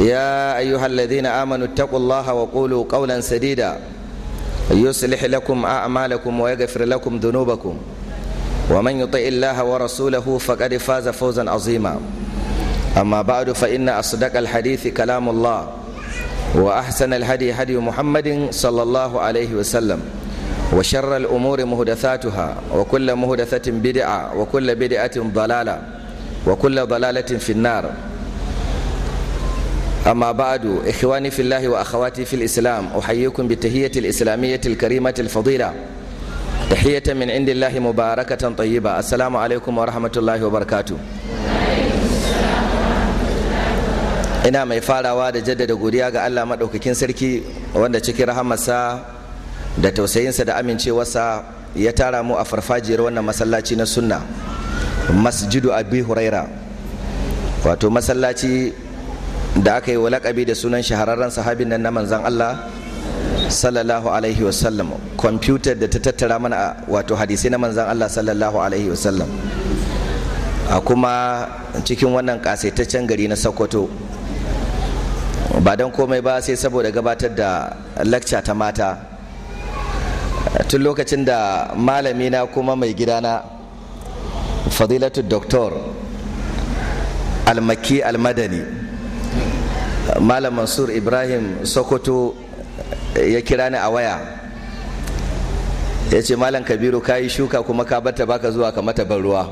يا أيها الذين آمنوا اتقوا الله وقولوا قولا سديدا يصلح لكم أعمالكم ويغفر لكم ذنوبكم ومن يطع الله ورسوله فقد فاز فوزا عظيما أما بعد فإن أصدق الحديث كلام الله وأحسن الهدي هدي محمد صلى الله عليه وسلم وشر الأمور مهدثاتها وكل مهدثة بدعة وكل بدعة ضلالة وكل ضلالة في النار أما بعد إخواني في الله وأخواتي في الإسلام أحييكم بتهية الإسلامية الكريمة الفضيلة تحية من عند الله مباركة طيبة السلام عليكم ورحمة الله وبركاته ina mai farawa da jaddada godiya ga Allah maɗaukakin sarki wanda cikin rahamarsa da tausayinsa da amincewarsa ya tara mu a farfajiyar wannan masallaci na sunna masjidu abi huraira wato masallaci da aka yi walakabi da sunan shahararren sahabin nan na manzan Allah sallallahu alaihi wasallam kwamfutar da ta tattara mana wato hadisai na manzan Allah sallallahu alaihi wasallam a kuma cikin wannan kasaitaccen gari na Sokoto ba don komai ba sai saboda gabatar da lakca ta mata tun lokacin da malami na kuma mai gidana fadilatu doktor almaki almadani malam mansur ibrahim sokoto ya kira ni a waya ya ce malam kabiru ka yi shuka kuma ka bata baka zuwa ka mata ban ruwa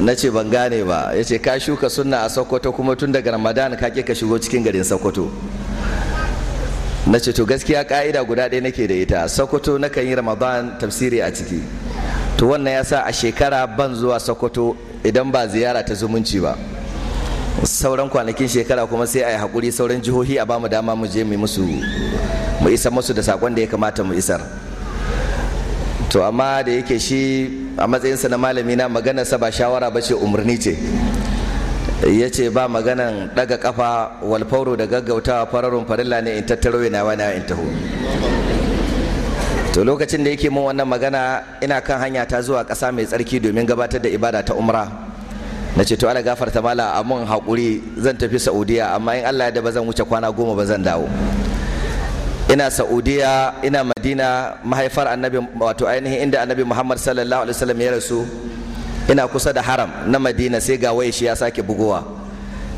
na ce ban gane ba ya ce ka shuka sunna a sokoto kuma tun daga ramadan ka ka shigo cikin garin sokoto na ce to gaskiya ka'ida guda ɗaya nake da ita sokoto na kan yi ramadan tafsiri a ciki to wannan ya sa a shekara ban zuwa sokoto idan ba ziyara ta zumunci ba sauran kwanakin shekara kuma sai a yi hakuri sauran jihohi a bamu dama mu je mu musu mu isar musu da sakon da ya kamata mu isar to amma da yake shi a matsayinsa na malami na maganarsa ba shawara ba ce umarni ce ya ce ba maganan daga kafa walfauro da gaggautawa fararun farilla ne in tattaro yana wani in taho to lokacin da yake mun wannan magana ina kan hanya ta zuwa kasa mai tsarki domin gabatar da ibada ta umra na ce to ala gafarta mala mun haƙuri zan tafi saudiya amma in allah da ba zan wuce kwana goma ba zan dawo ina saudiya ina madina mahaifar annabi wato ainihin inda annabi muhammad sallallahu alaihi wasallam ya rasu ina kusa da haram na madina sai ga waye shi ya sake bugowa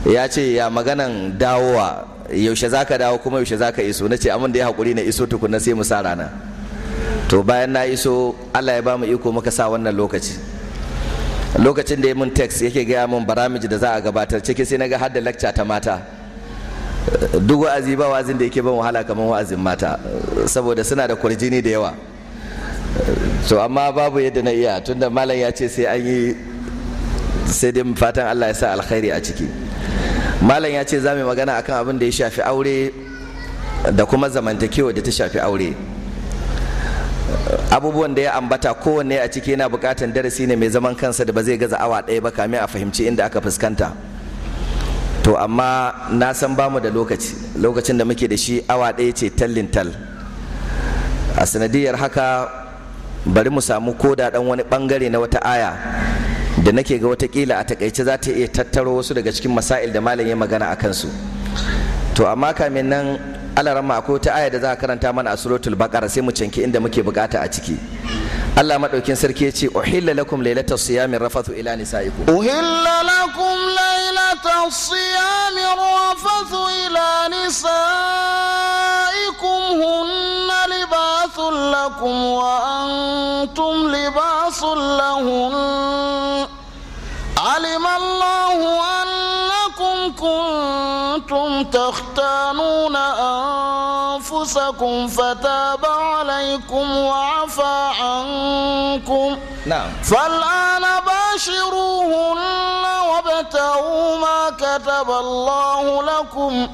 ya ce ya maganan dawowa yaushe zaka dawo kuma yaushe zaka iso na ce amin da ya haƙuri na iso tukuna sai mu sa rana to bayan na iso allah ya ba mu iko muka sa wannan lokaci lokacin da ya mun text yake gaya mun baramiji da za a gabatar ciki sai na ga har da lecture ta mata duk wa'azi ba wa'azin da yake ban wahala kamar wa'azin mata saboda suna da kurjini da yawa to amma babu yadda na iya tunda malam ya ce sai an yi sai dai fatan Allah ya sa alkhairi a ciki malam ya ce za mu magana akan abin da ya shafi aure da kuma zamantakewa da ta shafi aure abubuwan da ya ambata kowanne a ciki yana bukatan darasi ne mai zaman kansa da ba zai gaza awa ɗaya ba kamin a fahimci inda aka fuskanta to amma na san bamu da lokaci lokacin da muke da shi awa ɗaya ce tallin tal a sanadiyar haka bari mu samu koda ɗan wani ɓangare na wata aya da nake ga wata watakila a takaice za ta iya tattaro wasu daga cikin masail da malam ya magana a kansu to amma kamin nan Allah ramma akwai ta aya da za a karanta mana a suratul baqara sai mu canke inda muke bukata a ciki Allah madaukin sarki ya ce uhilla lakum lailatas siyami rafathu ila nisaikum uhilla lakum lailatas siyami rafathu ila nisaikum hunna libasul lakum wa antum libasul lahunna أنفسكم فتاب عليكم وعفى عنكم نعم فالآن باشروهن وابتغوا ما كتب الله لكم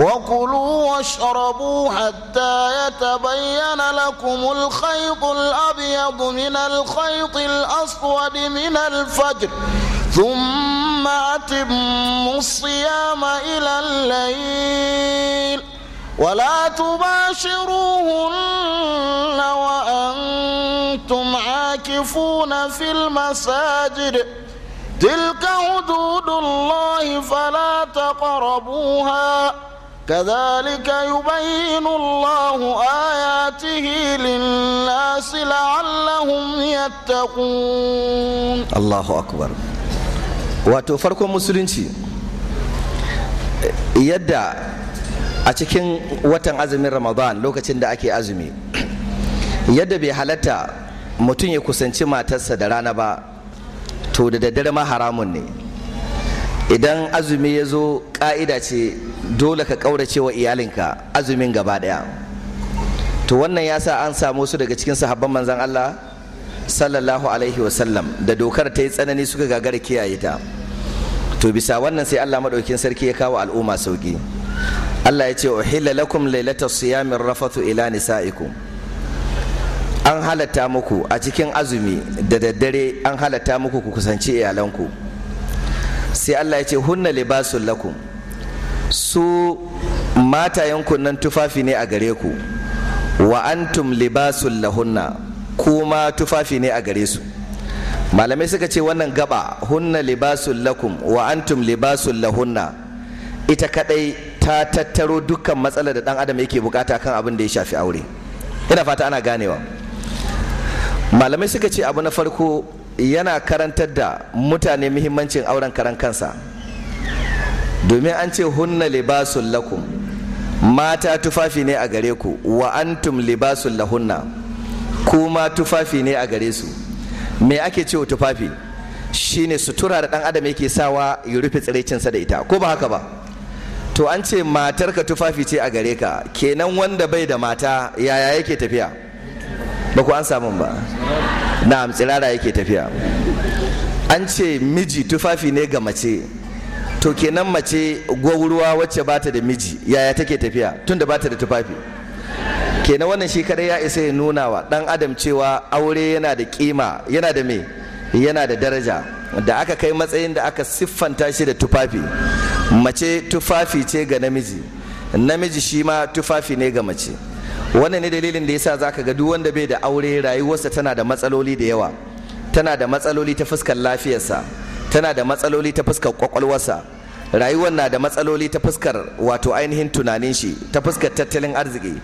وكلوا واشربوا حتى يتبين لكم الخيط الأبيض من الخيط الأسود من الفجر ثم أتموا الصيام إلى الليل ولا تباشروهن وأنتم عاكفون في المساجد تلك حدود الله فلا تقربوها كذلك يبين الله آياته للناس لعلهم يتقون الله أكبر وتفرق مسلمين يدعى a cikin watan azumin ramadan lokacin da ake azumi yadda bai halatta mutum ya kusanci matarsa da rana ba to da daddare ma haramun ne idan azumi ya zo ka'ida ce dole ka ƙaurace wa iyalinka azumin gaba ɗaya to wannan ya sa an samu su daga cikin sahabban manzan allah sallallahu alaihi wasallam da dokar ta yi tsanani suka gagara kiyaye ta to bisa wannan sai allah maɗaukin sarki ya kawo al'umma sauki Allah ya ce uhilla lakum lailata siyamin rafathu ila nisa'ikum an halatta muku a cikin azumi da daddare an halatta muku ku kusanci iyalanku sai Allah ya ce hunna libasul lakum su matayenku nan tufafi ne a gare ku wa antum libasul lahunna kuma tufafi ne a gare su malamai suka ce wannan gaba hunna libasul lakum wa antum libasul lahunna ita kadai ta tattaro dukkan matsalar da dan adam yake bukata kan abin da ya shafi aure ina fata ana ganewa malamai suka ce abu na farko yana karantar da mutane muhimmancin auren karan kansa domin an ce hunna libasun lakum mata tufafi ne a gare ku wa antum libasun lahunna kuma tufafi ne a gare su me ake cewa tufafi shine sutura da dan adam yake sawa ya rufe tsiraicinsa da ita ko ba haka ba to an ce matarka tufafi ce a gare ka kenan wanda bai da mata yaya yake tafiya ba ku an samun ba na tsirara yake tafiya an ce miji tufafi ne ga mace to kenan mace gwauruwa wacce bata da miji yaya take tafiya tunda bata da tufafi kenan wannan shi kaɗai ya isa ya nuna wa dan adam cewa aure yana da kima yana da me yana da daraja da aka kai matsayin da aka siffanta shi da tufafi mace tufafi ce ga namiji namiji shi ma tufafi ne ga mace wannan ne dalilin da yasa zaka ga duk wanda bai da aure rayuwarsa tana da matsaloli da yawa tana da matsaloli ta fuskar lafiyarsa tana da matsaloli ta fuskar kwakwalwarsa rayuwar na da matsaloli ta fuskar wato ainihin tunanin shi ta fuskar tattalin arziki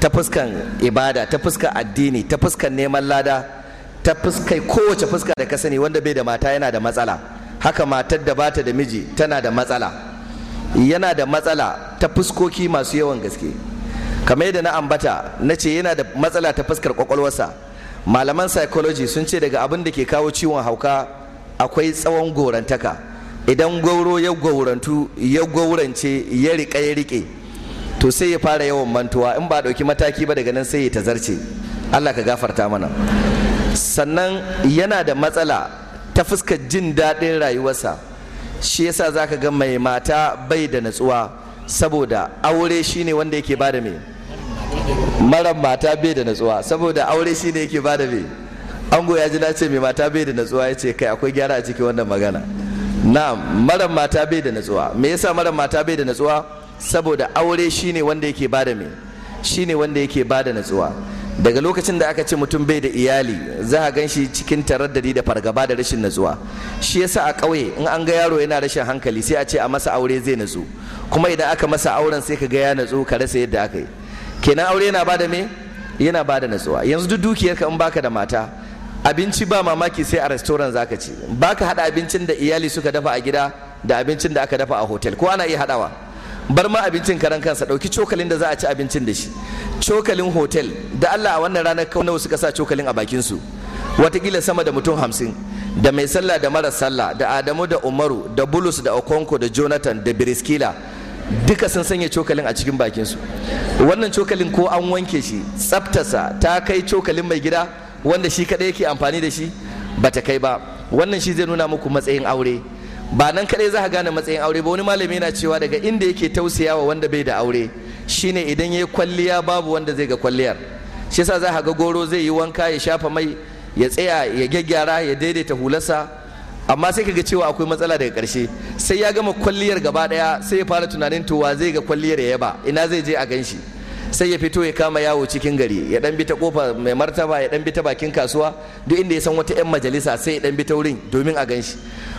ta fuskar ibada ta fuskar addini ta fuskar neman lada ta fuskai kowace fuska da ka sani wanda bai da mata yana da matsala haka matar da bata da miji tana da matsala yana da matsala ta fuskoki masu yawan gaske kamar yadda na ambata na ce yana da matsala ta fuskar kwakwalwarsa malaman psychology sun ce daga abin da ke kawo ciwon hauka akwai tsawon gorantaka idan gauro ya gaurantu ya gaurance ya riƙa ya riƙe to sai ya fara yawan mantuwa in ba a ɗauki mataki ba daga nan sai ya tazarce allah ka gafarta mana sannan yana da matsala ta fuskar jin daɗin rayuwarsa shi yasa za ka ga mai mata bai da natsuwa saboda aure shine wanda yake bada me maran mata bai da natsuwa saboda aure shine yake bada me ango ya ji na ce mai mata bai da natsuwa ya ce kai akwai gyara a cikin wannan magana na maran mata bai da natsuwa me yasa maran mata bai da natsuwa saboda aure shine wanda yake bada me shine wanda yake bada natsuwa daga lokacin da aka ce mutum bai da iyali za a gan shi cikin taraddadi da fargaba da rashin natsuwa shi yasa a ƙauye in an ga yaro yana rashin hankali sai a ce a masa aure zai natsu kuma idan aka masa auren sai ka ga ya natsu ka rasa yadda aka yi kenan aure yana bada me yana bada natsuwa yanzu duk dukiyarka in baka da mata abinci ba mamaki sai a restaurant zaka ci baka hada abincin da iyali suka dafa a gida da abincin da aka dafa a hotel ko ana iya hadawa bar ma abincin karan kansa dauki cokalin da za a ci abincin da shi cokalin hotel da Allah a wannan ranar kawai nawa suka sa cokalin a bakin su watakila sama da mutum hamsin da mai sallah da mara sallah da adamu da umaru da bulus da okonko da jonathan da biriskila duka sun sanya cokalin a cikin bakin su wannan cokalin ko an wanke shi tsaftasa ta kai cokalin mai gida wanda shi kaɗai yake amfani da shi bata kai ba wannan shi zai nuna muku matsayin aure ba nan kadai za a gane matsayin aure ba wani malami yana cewa daga inda yake tausayawa wanda bai da aure shine idan ya kwalliya babu wanda zai ga kwalliyar shi sa za ga goro zai yi wanka ya shafa mai ya tsaya ya gyaggyara ya daidaita hularsa amma sai kaga cewa akwai matsala daga ƙarshe sai ya gama kwalliyar gaba daya sai ya fara tunanin to wa zai ga kwalliyar ya yaba ina zai je a ganshi sai ya fito ya kama yawo cikin gari ya dan bi ta kofa mai martaba ya dan bi ta bakin kasuwa duk inda ya san wata yan majalisa sai ya dan bi ta wurin domin a ganshi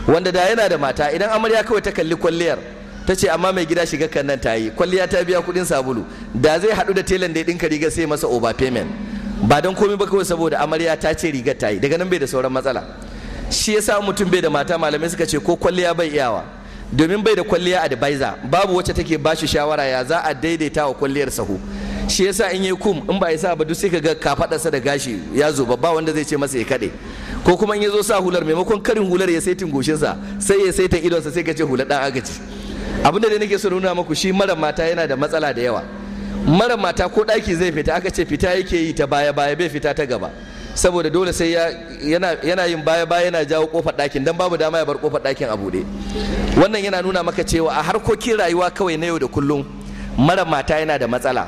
wanda da yana da mata idan amarya kawai ta kalli kwalliyar ta ce amma mai gida shiga kan nan ta yi kwalliya ta biya kuɗin sabulu da zai haɗu da telan da ya ɗinka rigar sai masa over payment ba don komai ba kawai saboda amarya ta ce rigar ta yi daga nan bai da sauran matsala shi yasa mutum bai da mata malamai suka ce ko kwalliya bai iyawa domin bai da kwalliya advisor babu wacce take ba shi shawara ya za a daidaita wa kwalliyar sahu shi yasa in yi kum in ba ya sa ba duk sai ka ga kafadarsa da gashi ya zo ba wanda zai ce masa ya kade ko kuma in ya zo sa hular maimakon karin hular ya saitin goshinsa sai ya saita idonsa sai ka ce hular dan agaji abin da nake so nuna muku shi mara mata yana da matsala da yawa mara mata ko daki zai fita aka ce fita yake yi ta baya baya bai fita ta gaba saboda dole sai yana yin baya baya yana jawo kofar dakin dan babu dama ya bar kofar dakin a bude. wannan yana nuna maka cewa a harkokin rayuwa kawai na yau da kullum mara mata yana da matsala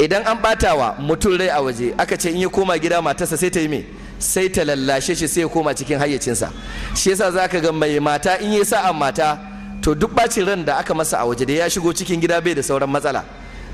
idan an batawa mutum rai a waje aka ce in ya koma gida matarsa sai ta yi me sai ta lallashe shi sai ya koma cikin hayyacinsa shi yasa zaka ga mai mata in ya sa'an mata to duk bacin ran da aka masa a waje da ya shigo cikin gida bai da sauran matsala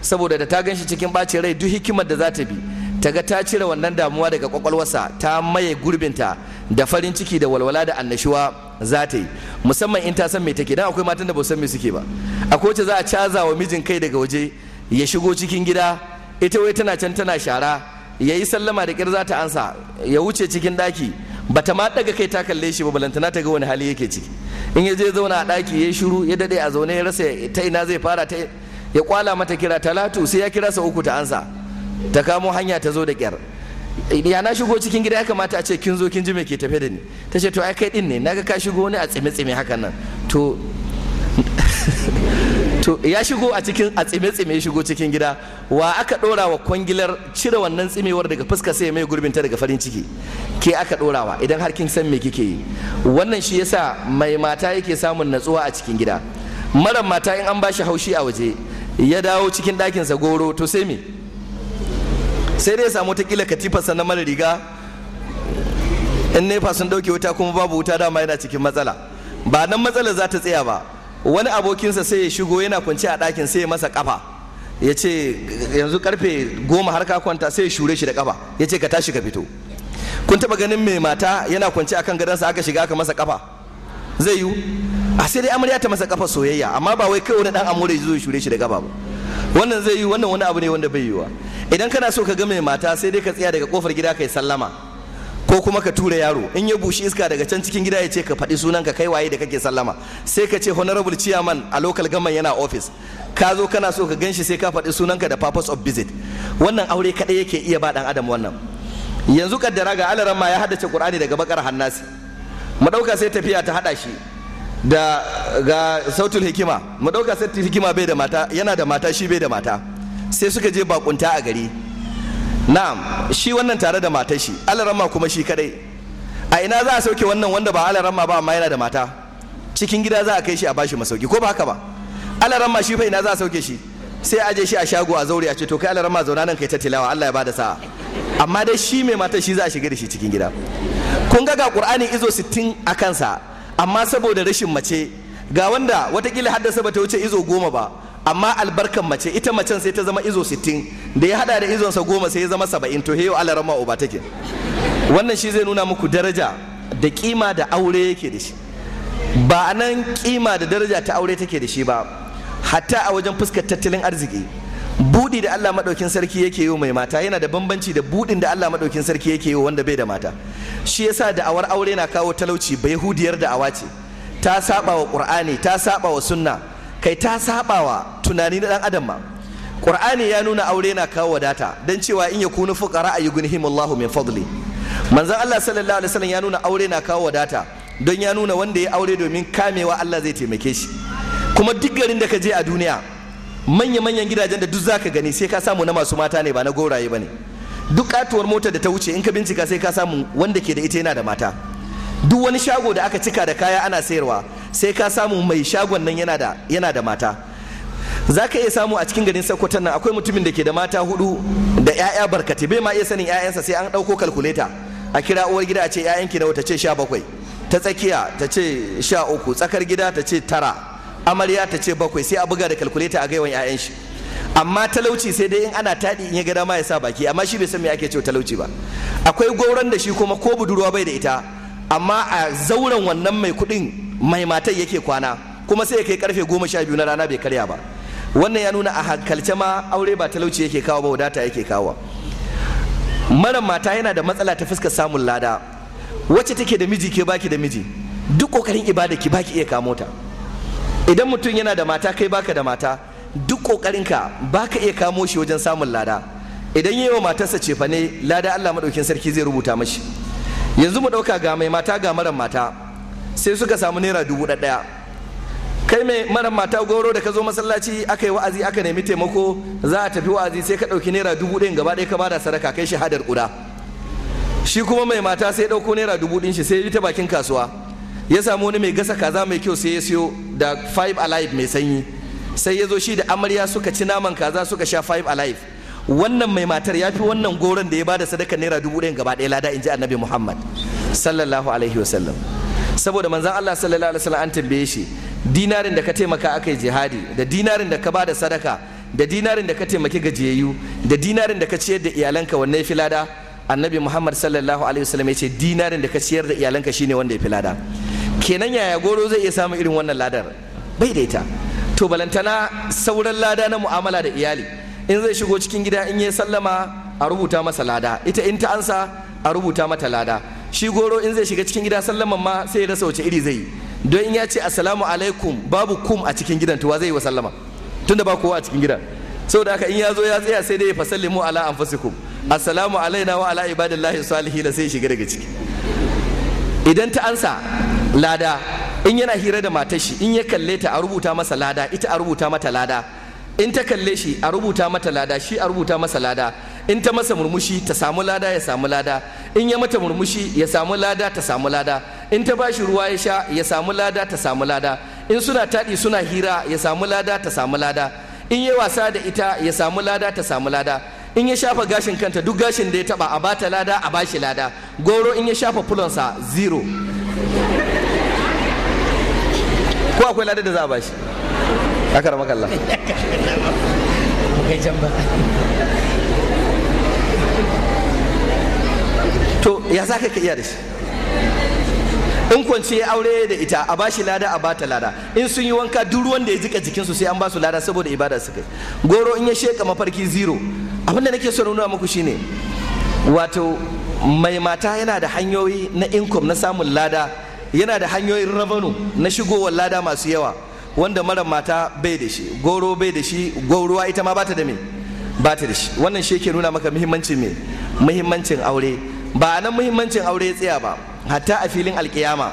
saboda da ta gan shi cikin bacin rai duk hikimar da za ta bi ta ga ta cire wannan damuwa daga kwakwalwarsa ta maye gurbinta da farin ciki da walwala da annashuwa za ta yi musamman in ta san me take dan akwai matan da ba san me suke ba akwai wacce za a caza wa mijin kai daga waje ya shigo cikin gida ita wai tana can tana shara ya yi sallama da ƙyar ta ansa ya wuce cikin ɗaki bata ma daga kai ta kalle shi ba balantana ta ga wani hali yake ciki in ya je zauna a daki ya shiru ya dade a zaune ya rasa ta ina zai fara ta ya kwala mata kira talatu sai ya kira sa uku ta ansa ta kamo hanya ta zo da kyar ya na shigo cikin gida ya kamata a ce kin zo kin ji me ke tafe da ni ta ce to ai kai din ne naga ka shigo ne a tsime tsime hakan nan to to ya shigo a cikin a tsime tsime shigo cikin gida wa aka dora wa kwangilar cire wannan tsimewar daga fuska sai mai gurbin ta daga farin ciki ke aka wa idan har kin san me kike yi wannan shi yasa mai mata yake samun natsuwa a cikin gida mara mata in an bashi haushi a waje ya dawo cikin ɗakinsa goro to sai me sai dai ya samu kila katifarsa na mara riga in nefa sun ɗauke wuta kuma babu wuta dama yana cikin matsala ba nan matsalar za ta tsaya ba wani abokinsa sai ya shigo yana kwanci a ɗakin sai ya masa kafa ya ce yanzu karfe goma har ka kwanta sai ya shure shi da kafa ya ce ka tashi ka fito kun taba ganin mai mata yana kwanci akan gadonsa aka shiga aka masa kafa zai yiwu a sai dai amarya ta masa kafa soyayya amma ba wai kai wani dan amore zai ya shure shi da kafa ba wannan zai yi wannan wani abu ne wanda bai yiwuwa idan kana so ka ga mai mata sai dai ka tsaya daga kofar gida kai sallama ko kuma ka tura yaro in ya bushi iska daga can cikin gida ya ce ka faɗi sunan ka kai waye da kake sallama sai ka ce honorable chairman a local government yana office ka zo kana so ka ganshi sai ka faɗi sunan ka da purpose of visit wannan aure kaɗai yake iya ba ɗan adam wannan yanzu kaddara ga alaran ma ya haddace qur'ani daga bakar hannasi mu ɗauka sai tafiya ta haɗa shi da ga sautul hikima mu ɗauka sai hikima bai da mata yana da mata shi bai da mata sai suka je bakunta a gari na'am shi wannan tare da matar shi alarama kuma shi kadai a ina za a sauke wannan wanda ba alarama ba amma yana da mata cikin gida za a kai shi a bashi masauki ko ba haka ba alarama shi fa ina za a sauke shi sai aje shi a shago a zaure a ce to kai alarama zauna nan kai ta tilawa Allah ya bada sa'a amma dai shi mai matar shi za a shiga da shi cikin gida kun ga ga qur'ani izo 60 a kansa amma saboda rashin mace ga wanda watakila haddasa ba ta wuce izo goma ba amma albarkan mace ita macen sai ta zama izo 60 da ya hada da izonsa goma sai ya zama 70 to heyo alarama uba take wannan shi zai nuna muku daraja da kima da aure yake da shi ba a nan kima da daraja ta aure take da shi ba hatta a wajen fuskar tattalin arziki budi da Allah madaukin sarki yake yi mai mata yana da bambanci da budin da Allah madaukin sarki yake yi wanda bai da mata shi yasa da'awar aure na kawo talauci bai hudiyar da'awa ce ta saba wa qur'ani ta saba wa sunna kai ta sabawa tunani na dan adam ma qur'ani ya nuna aure na kawo wadata dan cewa in yakunu fuqara Allah min fadli manzon Allah sallallahu alaihi wasallam ya nuna aure na kawo wadata don ya nuna wanda ya aure domin kamewa Allah zai taimake shi kuma duk garin da ka je a duniya manya-manyan gidajen da duk zaka gani sai ka samu na masu mata ne ba na goraye ba ne duk katuwar mota da ta wuce in ka bincika sai ka samu wanda ke da ita yana da mata duk wani shago da aka cika da kaya ana sayarwa sai ka samu mai shagon nan yana da mata za ka iya samu a cikin garin sokoton nan akwai mutumin da ke da mata hudu da 'ya'ya barkati bai ma iya sanin 'ya'yansa sai an ɗauko kalkuleta a kira uwar gida a ce 'ya'yanki nawa ta ce sha bakwai ta tsakiya ta ce sha uku tsakar gida ta ce tara amarya ta ce bakwai sai a buga da kalkuleta a gaiwan 'ya'yan shi amma talauci sai dai in ana taɗi in ya gada ma ya sa baki amma shi bai san me ake cewa talauci ba akwai gauran da shi kuma ko budurwa bai da ita amma a zauren wannan mai kuɗin mai matai yake kwana kuma sai ya kai karfe goma sha biyu na rana bai karya ba wannan ya nuna a hankalce ma aure ba talauci yake kawo ba wadata yake kawo mara mata yana da matsala ta fuskar samun lada wacce take da miji ke baki da miji duk kokarin ibada ki baki iya kamo ta idan mutum yana da mata kai baka da mata duk ka baka iya kamo shi wajen samun lada idan yi wa matarsa cefane lada Allah madaukin sarki zai rubuta mashi yanzu mu ɗauka ga mai mata ga maran mata sai suka samu naira dubu ɗaya kai mai mara mata goro da ka zo masallaci aka yi wa'azi aka nemi taimako za a tafi wa'azi sai ka ɗauki naira dubu ɗin gaba ɗaya ka bada sadaka kai shahadar ƙuda shi kuma mai mata sai ɗauko naira dubu ɗin shi sai ta bakin kasuwa ya samu wani mai gasa kaza mai kyau sai ya siyo da five alive mai sanyi sai ya zo shi da amarya suka ci naman kaza suka sha five alive wannan mai matar ya fi wannan goron da ya bada sadaka naira dubu ɗin gaba ɗaya lada in ji annabi muhammad sallallahu alaihi wasallam saboda manzan Allah sallallahu alaihi wasallam an tambaye shi dinarin da ka taimaka aka yi jihadi da dinarin da ka bada sadaka da dinarin da ka taimaki gajiyayyu da dinarin da ka ciyar da iyalanka wanne ya fi lada annabi muhammad sallallahu alaihi wasallam ya ce dinarin da ka ciyar da iyalanka shine wanda ya fi lada kenan yaya goro zai iya samun irin wannan ladar bai da ita to balantana sauran lada na mu'amala da iyali in zai shigo cikin gida in ya sallama a rubuta masa lada ita in ta ansa a rubuta mata lada shi goro in zai shiga cikin gida sallaman ma sai ya rasa wace iri zai yi don in ya ce assalamu alaikum babu kum a cikin gidan to wa zai yi wa sallama tunda ba kowa a cikin gidan saboda haka in ya zo ya tsaya sai dai ya fasallimu ala anfusikum assalamu alaina wa ala ibadillahi salihin sai ya shiga daga ciki idan ta ansa lada in yana hira da matar shi in ya kalle ta a rubuta masa lada ita a rubuta mata lada in ta kalle shi a rubuta mata lada shi a rubuta masa lada in ta masa murmushi ta samu lada ya samu lada in ya mata murmushi ya samu lada ta samu lada in ta bashi ruwa ya sha ya samu lada ta samu lada in suna taɗi suna hira ya samu lada ta samu lada in ya wasa da ita ya samu lada ta samu lada in ya shafa gashin kanta duk gashin da ya taba a bata lada a bashi lada goro in ya shafa fulonsa zero ko akwai lada da za a bashi akara makalla ya za ka iya da shi in kwanci ya aure da ita a bashi lada a bata lada in sun yi wanka duk ruwan da ya jika jikinsu sai an basu lada saboda ibada suka yi goro in ya sheka mafarki zero abinda nake so nuna muku shine wato mai mata yana da hanyoyi na income na samun lada yana da hanyoyin rabanu na shigowar lada masu yawa wanda mara mata bai da shi goro bai da shi goruwa ita ma bata da me bata da shi wannan shi yake nuna maka muhimmancin me muhimmancin aure ba a nan muhimmancin aure ya tsaya ba hatta a filin alkiyama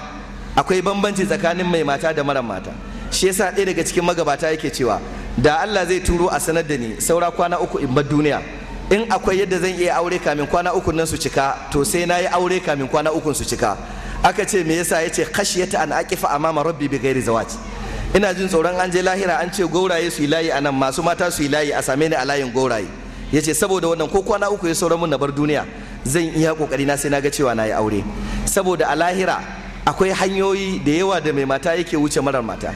akwai bambanci tsakanin mai mata da mara mata shi yasa ɗaya daga cikin magabata yake cewa da Allah zai turo a sanar da ni saura kwana uku in bar duniya in akwai yadda zan iya aure kamin kwana uku nan su cika to sai na yi aure kamin kwana uku su cika aka ce me yasa yace khashiyata an aqifa amama rabbi bi ghairi zawaj ina jin tsoron an je lahira an ce gauraye su yi layi anan masu mata su layi a same ni a layin gauraye yace saboda wannan ko kwana uku ya saura mun na bar duniya zan iya kokari na sai na ga cewa na yi aure saboda a lahira akwai hanyoyi da yawa da mai mata yake wuce marar mata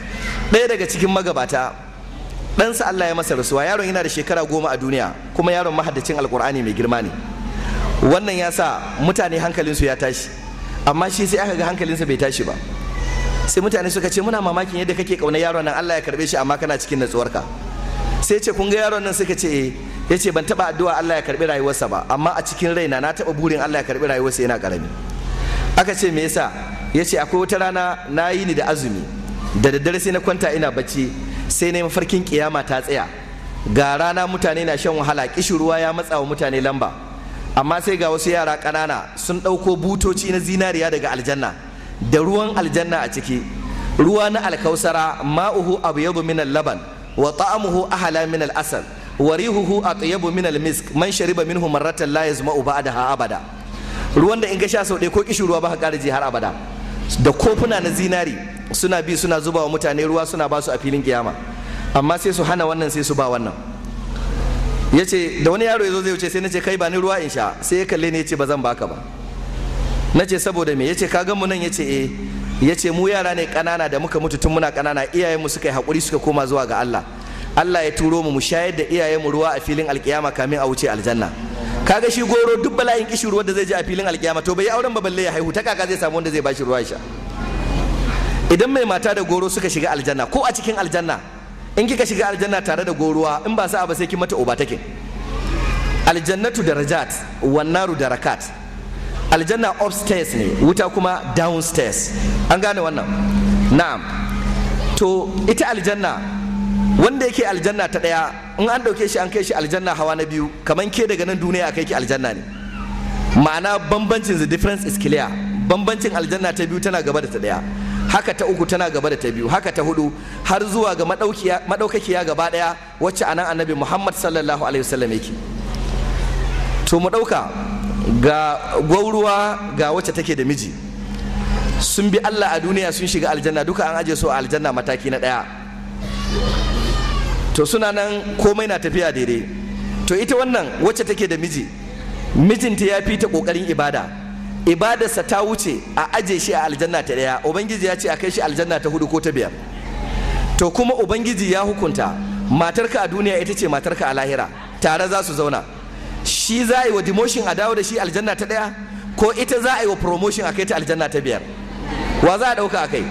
ɗaya daga cikin magabata ɗansa Allah ya masa rasuwa yaron yana da shekara goma a duniya kuma yaron mahaddacin alkur'ani mai girma ne wannan ya sa mutane hankalinsu ya tashi amma shi sai aka ga hankalinsa bai tashi ba sai mutane suka ce muna mamakin yadda kake kauna yaron nan Allah ya karbe shi amma kana cikin natsuwarka sai ce kun ga yaron nan suka ce eh. ya yace ban taba addu'a Allah ya karbi rayuwarsa ba amma a cikin raina na taba burin Allah ya karbi rayuwarsa yana karami aka ce me yasa yace akwai wata rana na yi ni da azumi da daddare sai na kwanta ina bacci sai na mafarkin kiyama ta tsaya ga rana mutane na shan wahala kishin ruwa ya matsa wa mutane lamba amma sai ga wasu yara ƙanana sun ɗauko butoci na zinariya daga aljanna da ruwan aljanna a ciki ruwa na alkausara ma'uhu abu yadu minan laban wa ta'amuhu ahla min al-asal wa rihuhu atyabu min al-misk man shariba minhu marratan la yazma'u ba'daha abada ruwan da in ga sha sau ɗaya ko kishi ruwa ba ka ƙara ji har abada da kofuna na zinari suna bi suna zuba wa mutane ruwa suna ba su a filin kiyama amma sai su hana wannan sai su ba wannan ya ce da wani yaro ya zo zai wuce sai na ce kai ba ni ruwa in sha sai ya kalle ni ya ce ba zan baka ba na ce saboda me ya ce ka gan mu nan ya ce eh ya ce mu yara ne ƙanana da muka mutu tun muna ƙanana mu suka yi haƙuri suka koma zuwa ga Allah Allah ya turo mu mu shayar da iyayenmu ruwa a filin alkiyama kamin a wuce aljanna kaga shi goro duk bala'in kishi ruwa da zai je a filin alkiyama to bai auren ba balle ya haihu ta kaka zai samu wanda zai bashi ruwa sha idan mai mata da goro suka shiga aljanna ko a cikin aljanna in kika shiga aljanna tare da goruwa in ba sa'a ba sai kin mata uba take aljannatu darajat wan naru darakat aljanna upstairs ne wuta kuma downstairs an gane wannan na'am to ita aljanna wanda yake aljanna ta ɗaya in an ɗauke shi an kai shi aljanna hawa na biyu kamar ke daga nan duniya a kai ki aljanna ne ma'ana bambancin the difference is clear bambancin aljanna ta biyu tana gaba da ta ɗaya haka ta uku tana gaba da ta biyu haka ta hudu har zuwa ga ya gaba ɗaya, wacce anan annabi muhammad sallallahu alaihi wasallam yake to mu ɗauka. ga gwauruwa ga wacce take da miji sun bi Allah a duniya sun shiga aljanna duka an aje su a aljanna mataki na ɗaya to suna nan komai na tafiya daidai to ita wannan wacce take da miji mijinta ya fi ta ƙoƙarin ibada ibadarsa ta wuce a aje shi a aljanna ta ɗaya ubangiji ya ce a kai shi aljanna ta hudu ko ta biyar to kuma ubangiji ya hukunta matarka a duniya ita ce matarka a lahira tare za su zauna shi za a yi wa demotion a dawo da shi aljanna ta ɗaya ko ita za a yi wa promotion a kai ta aljanna ta biyar wa za a ɗauka a kai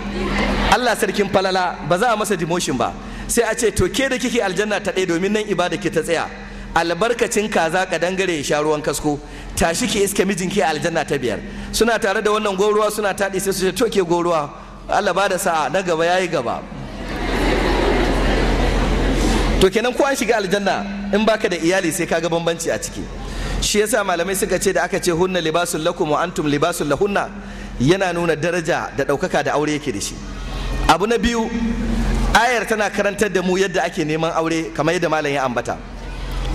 allah sarkin falala ba za a masa demotion ba sai a ce to ke da kike aljanna ta ɗaya domin nan ibada ke ta tsaya albarkacin kaza ka dangare ya sha ruwan kasko tashi ke iske mijin a aljanna ta biyar suna tare da wannan goruwa suna taɗi sai su ce to ke goruwa allah ba da sa'a na gaba yayi gaba to kenan ko an shiga aljanna in baka da iyali sai kaga bambanci a ciki shi yasa malamai suka ce da aka ce hunna libasul lakum wa antum libasul lahunna yana nuna daraja da ɗaukaka da aure yake da shi abu na biyu ayar tana karantar da mu yadda ake neman aure kamar yadda malam ya ambata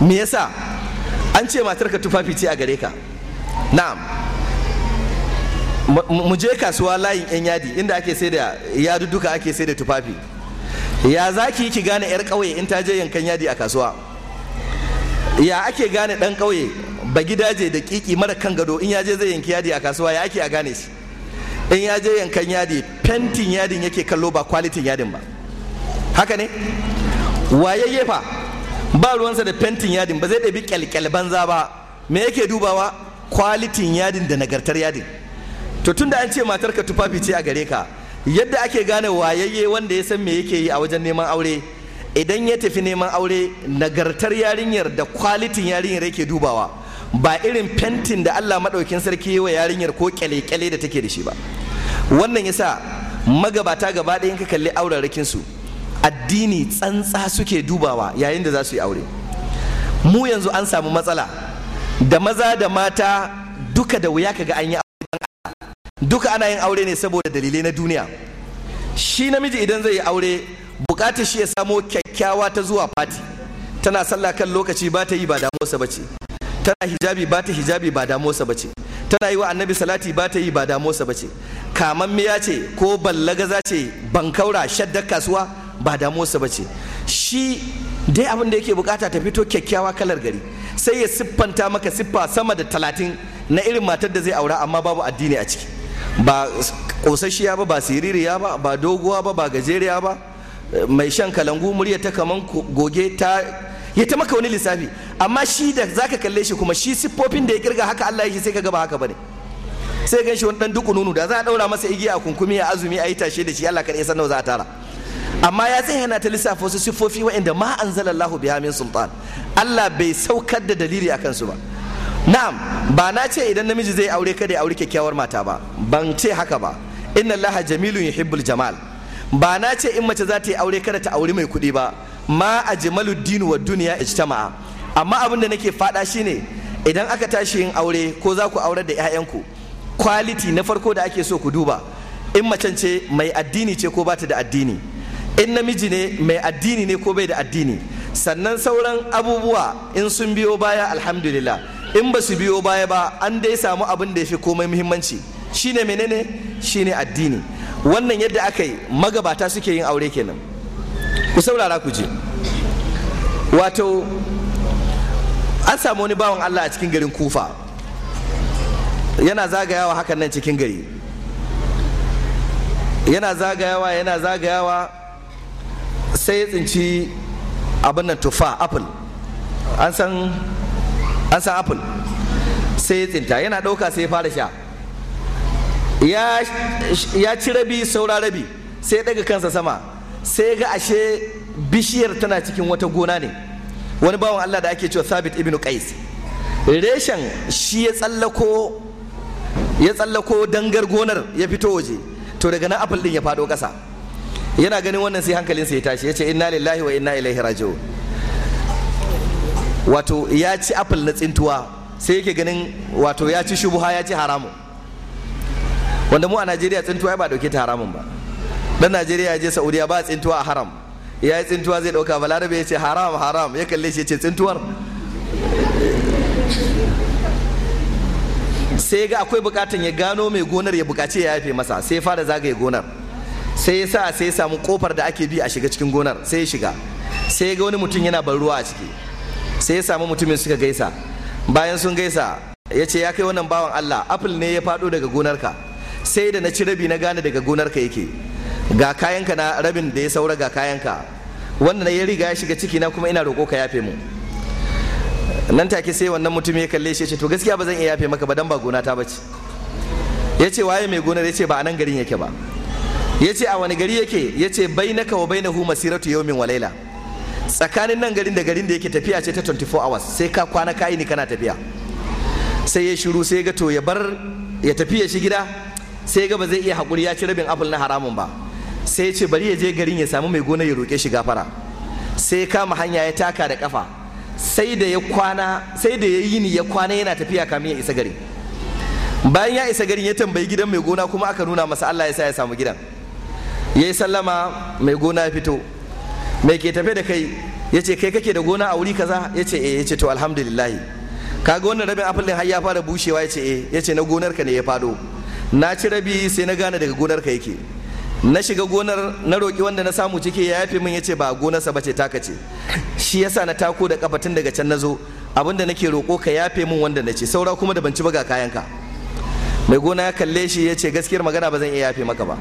me yasa an ce matarka tufafi ce a gare ka na'am mu je kasuwa layin yan yadi inda ake sai da yadudduka ake sai da tufafi ya zaki ki yi ki gane yar kauye in ta je yankan yadi a kasuwa ya ake gane dan kauye ba gidaje da kiki mara kan gado in yaje zai yanki yadi a kasuwa ya ake a gane shi in yaje yankan yadi fentin yadin yake kallo ba kwalitin yadin ba haka ne wayayye fa ba ruwansa da fentin yadin ba zai ɗabi kyalkyal banza ba me yake dubawa kwalitin yadin da nagartar yadin to tunda an ce matarka tufafi ce a gare ka yadda ake gane wayayye wanda ya san me yake yi a wajen neman aure idan ya tafi neman aure nagartar yarinyar da kwalitin yarinyar yake dubawa ba irin fentin da Allah maɗaukin sarki wa yarinyar ko kyale-kyale da take da shi ba wannan yasa magabata gaba ɗayan ka kalli auren su addini tsantsa suke dubawa yayin da za su yi aure mu yanzu an samu matsala da maza da mata duka da wuya ka ga an yi aure duka ana yin aure ne saboda dalilai na duniya shi namiji idan zai yi aure bukatar shi ya samo kyakkyawa ta zuwa fati tana sallah kan lokaci ba ta yi ba damuwarsa ba ce tana hijabi ba ta hijabi ba damuwarsa ba ce tana yi wa annabi salati ba ta yi ba damuwarsa ba ce miya ce ko ballagaza ce kaura shaddar kasuwa ba damuwarsa ba ce shi dai abin da yake bukata ta fito kyakkyawa kalar gari sai ya siffanta maka siffa sama da talatin na irin matar da zai aura amma babu addini a ciki ba kosasshiya ba ba siririya ba ba doguwa ba ba gajeriya ba mai shan kalangu murya ta kaman goge ta ya ta maka wani lissafi amma shi da zaka kalle shi kuma shi siffofin da ya kirga haka Allah ya shi sai ka gaba haka bane sai gan wani dan duku nunu da za a daura masa igiya a kunkumi a azumi a yi tashe da shi Allah kadai san nawa za a tara amma ya tsaya yana ta lissafa wasu siffofi waɗanda ma anzalallahu biha min sultan Allah bai saukar da dalili akan su ba na'am ba na ce idan namiji zai aure ka da aure kyakkyawar mata ba ban ce haka ba inna Jamilu jamilun yuhibbul jamal ba na ce in mace za ta yi aure kada ta auri mai kuɗi ba ma a dinu wa duniya ijtama'a amma abin da nake faɗa shine idan aka tashi yin aure ko za ku aurar da 'ya'yanku kwaliti na farko da ake so ku duba in macen ce mai addini ce ko bata da addini in namiji ne mai addini ne ko bai da addini sannan sauran abubuwa in sun biyo baya alhamdulillah in ba su biyo baya ba an dai samu abin da ya fi komai muhimmanci shine menene shine addini wannan yadda aka yi magabata suke yin aure kenan ku saurara ku je wato an samu wani bawan Allah a cikin garin kufa yana zagayawa hakan nan cikin gari yana zagayawa yana zagayawa sai ya tsinci abin nan tufa apple an san apple sai ya tsinta yana ɗauka sai ya fara sha ya ci rabi saura rabi sai daga kansa sama sai ga ashe bishiyar tana cikin wata gona ne wani bawan Allah da ake cewa Sabit ibn Qais reshen shi ya tsallako ya tsallako dangar gonar ya fito waje to daga nan apple din ya fado kasa yana ganin wannan sai hankalinsa ya tashi ya inna lillahi wa inna ilaihi raji'un wato ya ci apple na tsintuwa sai yake ganin wato ya ci shubuha ya ci haramun. wanda mu a najeriya tsintuwa ba dauke ta haramun ba dan najeriya ya je saudiya ba tsintuwa a haram ya yi tsintuwa zai dauka balarabe ya ce haram haram ya kalle shi ce tsintuwar sai ga akwai bukatan ya gano mai gonar ya bukaci ya yafe masa sai ya fara zagaye gonar sai ya sa sai ya samu kofar da ake bi a shiga cikin gonar sai ya shiga sai ya ga wani mutum yana ban ruwa a ciki sai ya samu mutumin suka gaisa bayan sun gaisa ya ce ya kai wannan bawan Allah apple ne ya faɗo daga gonarka sai da na ci rabi na gane daga gonarka yake ga kayanka na rabin da ya saura ga kayanka wanda na ya riga ya shiga ciki na kuma ina roƙo ka yafe mu nan take sai wannan mutum ya kalle shi ya ce to gaskiya ba zan iya yafe maka ba dan ba gona ta bace ya ce waye mai gonar ya ce ba a nan garin yake ba ya ce a wani gari yake ya ce bainaka wa bainahu masiratu yawmin wa laila tsakanin nan garin da garin da yake tafiya ce ta 24 hours sai ka kwana kayi ni kana tafiya sai ya shiru sai ya ga to ya bar ya tafi ya shi gida sai ga ba zai iya haƙuri ya ci rabin apple na haramun ba sai ya ce bari ya je garin ya samu mai gona ya roƙe shi gafara sai kama hanya ya taka da kafa sai da ya kwana sai da ya ni ya kwana yana tafiya kamin ya isa gari bayan ya isa garin ya tambayi gidan mai gona kuma aka nuna masa Allah ya sa ya samu gidan ya yi sallama mai gona ya fito mai ke tafe da kai ya ce kai kake da gona a wuri kaza ya ce eh ya ce to alhamdulillahi kaga wannan rabin afilin din har ya fara bushewa ya ce eh ya ce na gonar ka ne ya fado na ci rabi sai na gane daga gonar ka yake na shiga gonar na roƙi wanda na samu ciki ya yafe min yace ba gonarsa bace taka ce shi yasa na tako da kafatin daga can nazo abinda nake roƙo ka yafe min wanda na ce saura kuma da ban ci ba ga kayanka mai gona ya kalle shi yace gaskiyar magana ba zan iya yafe maka ba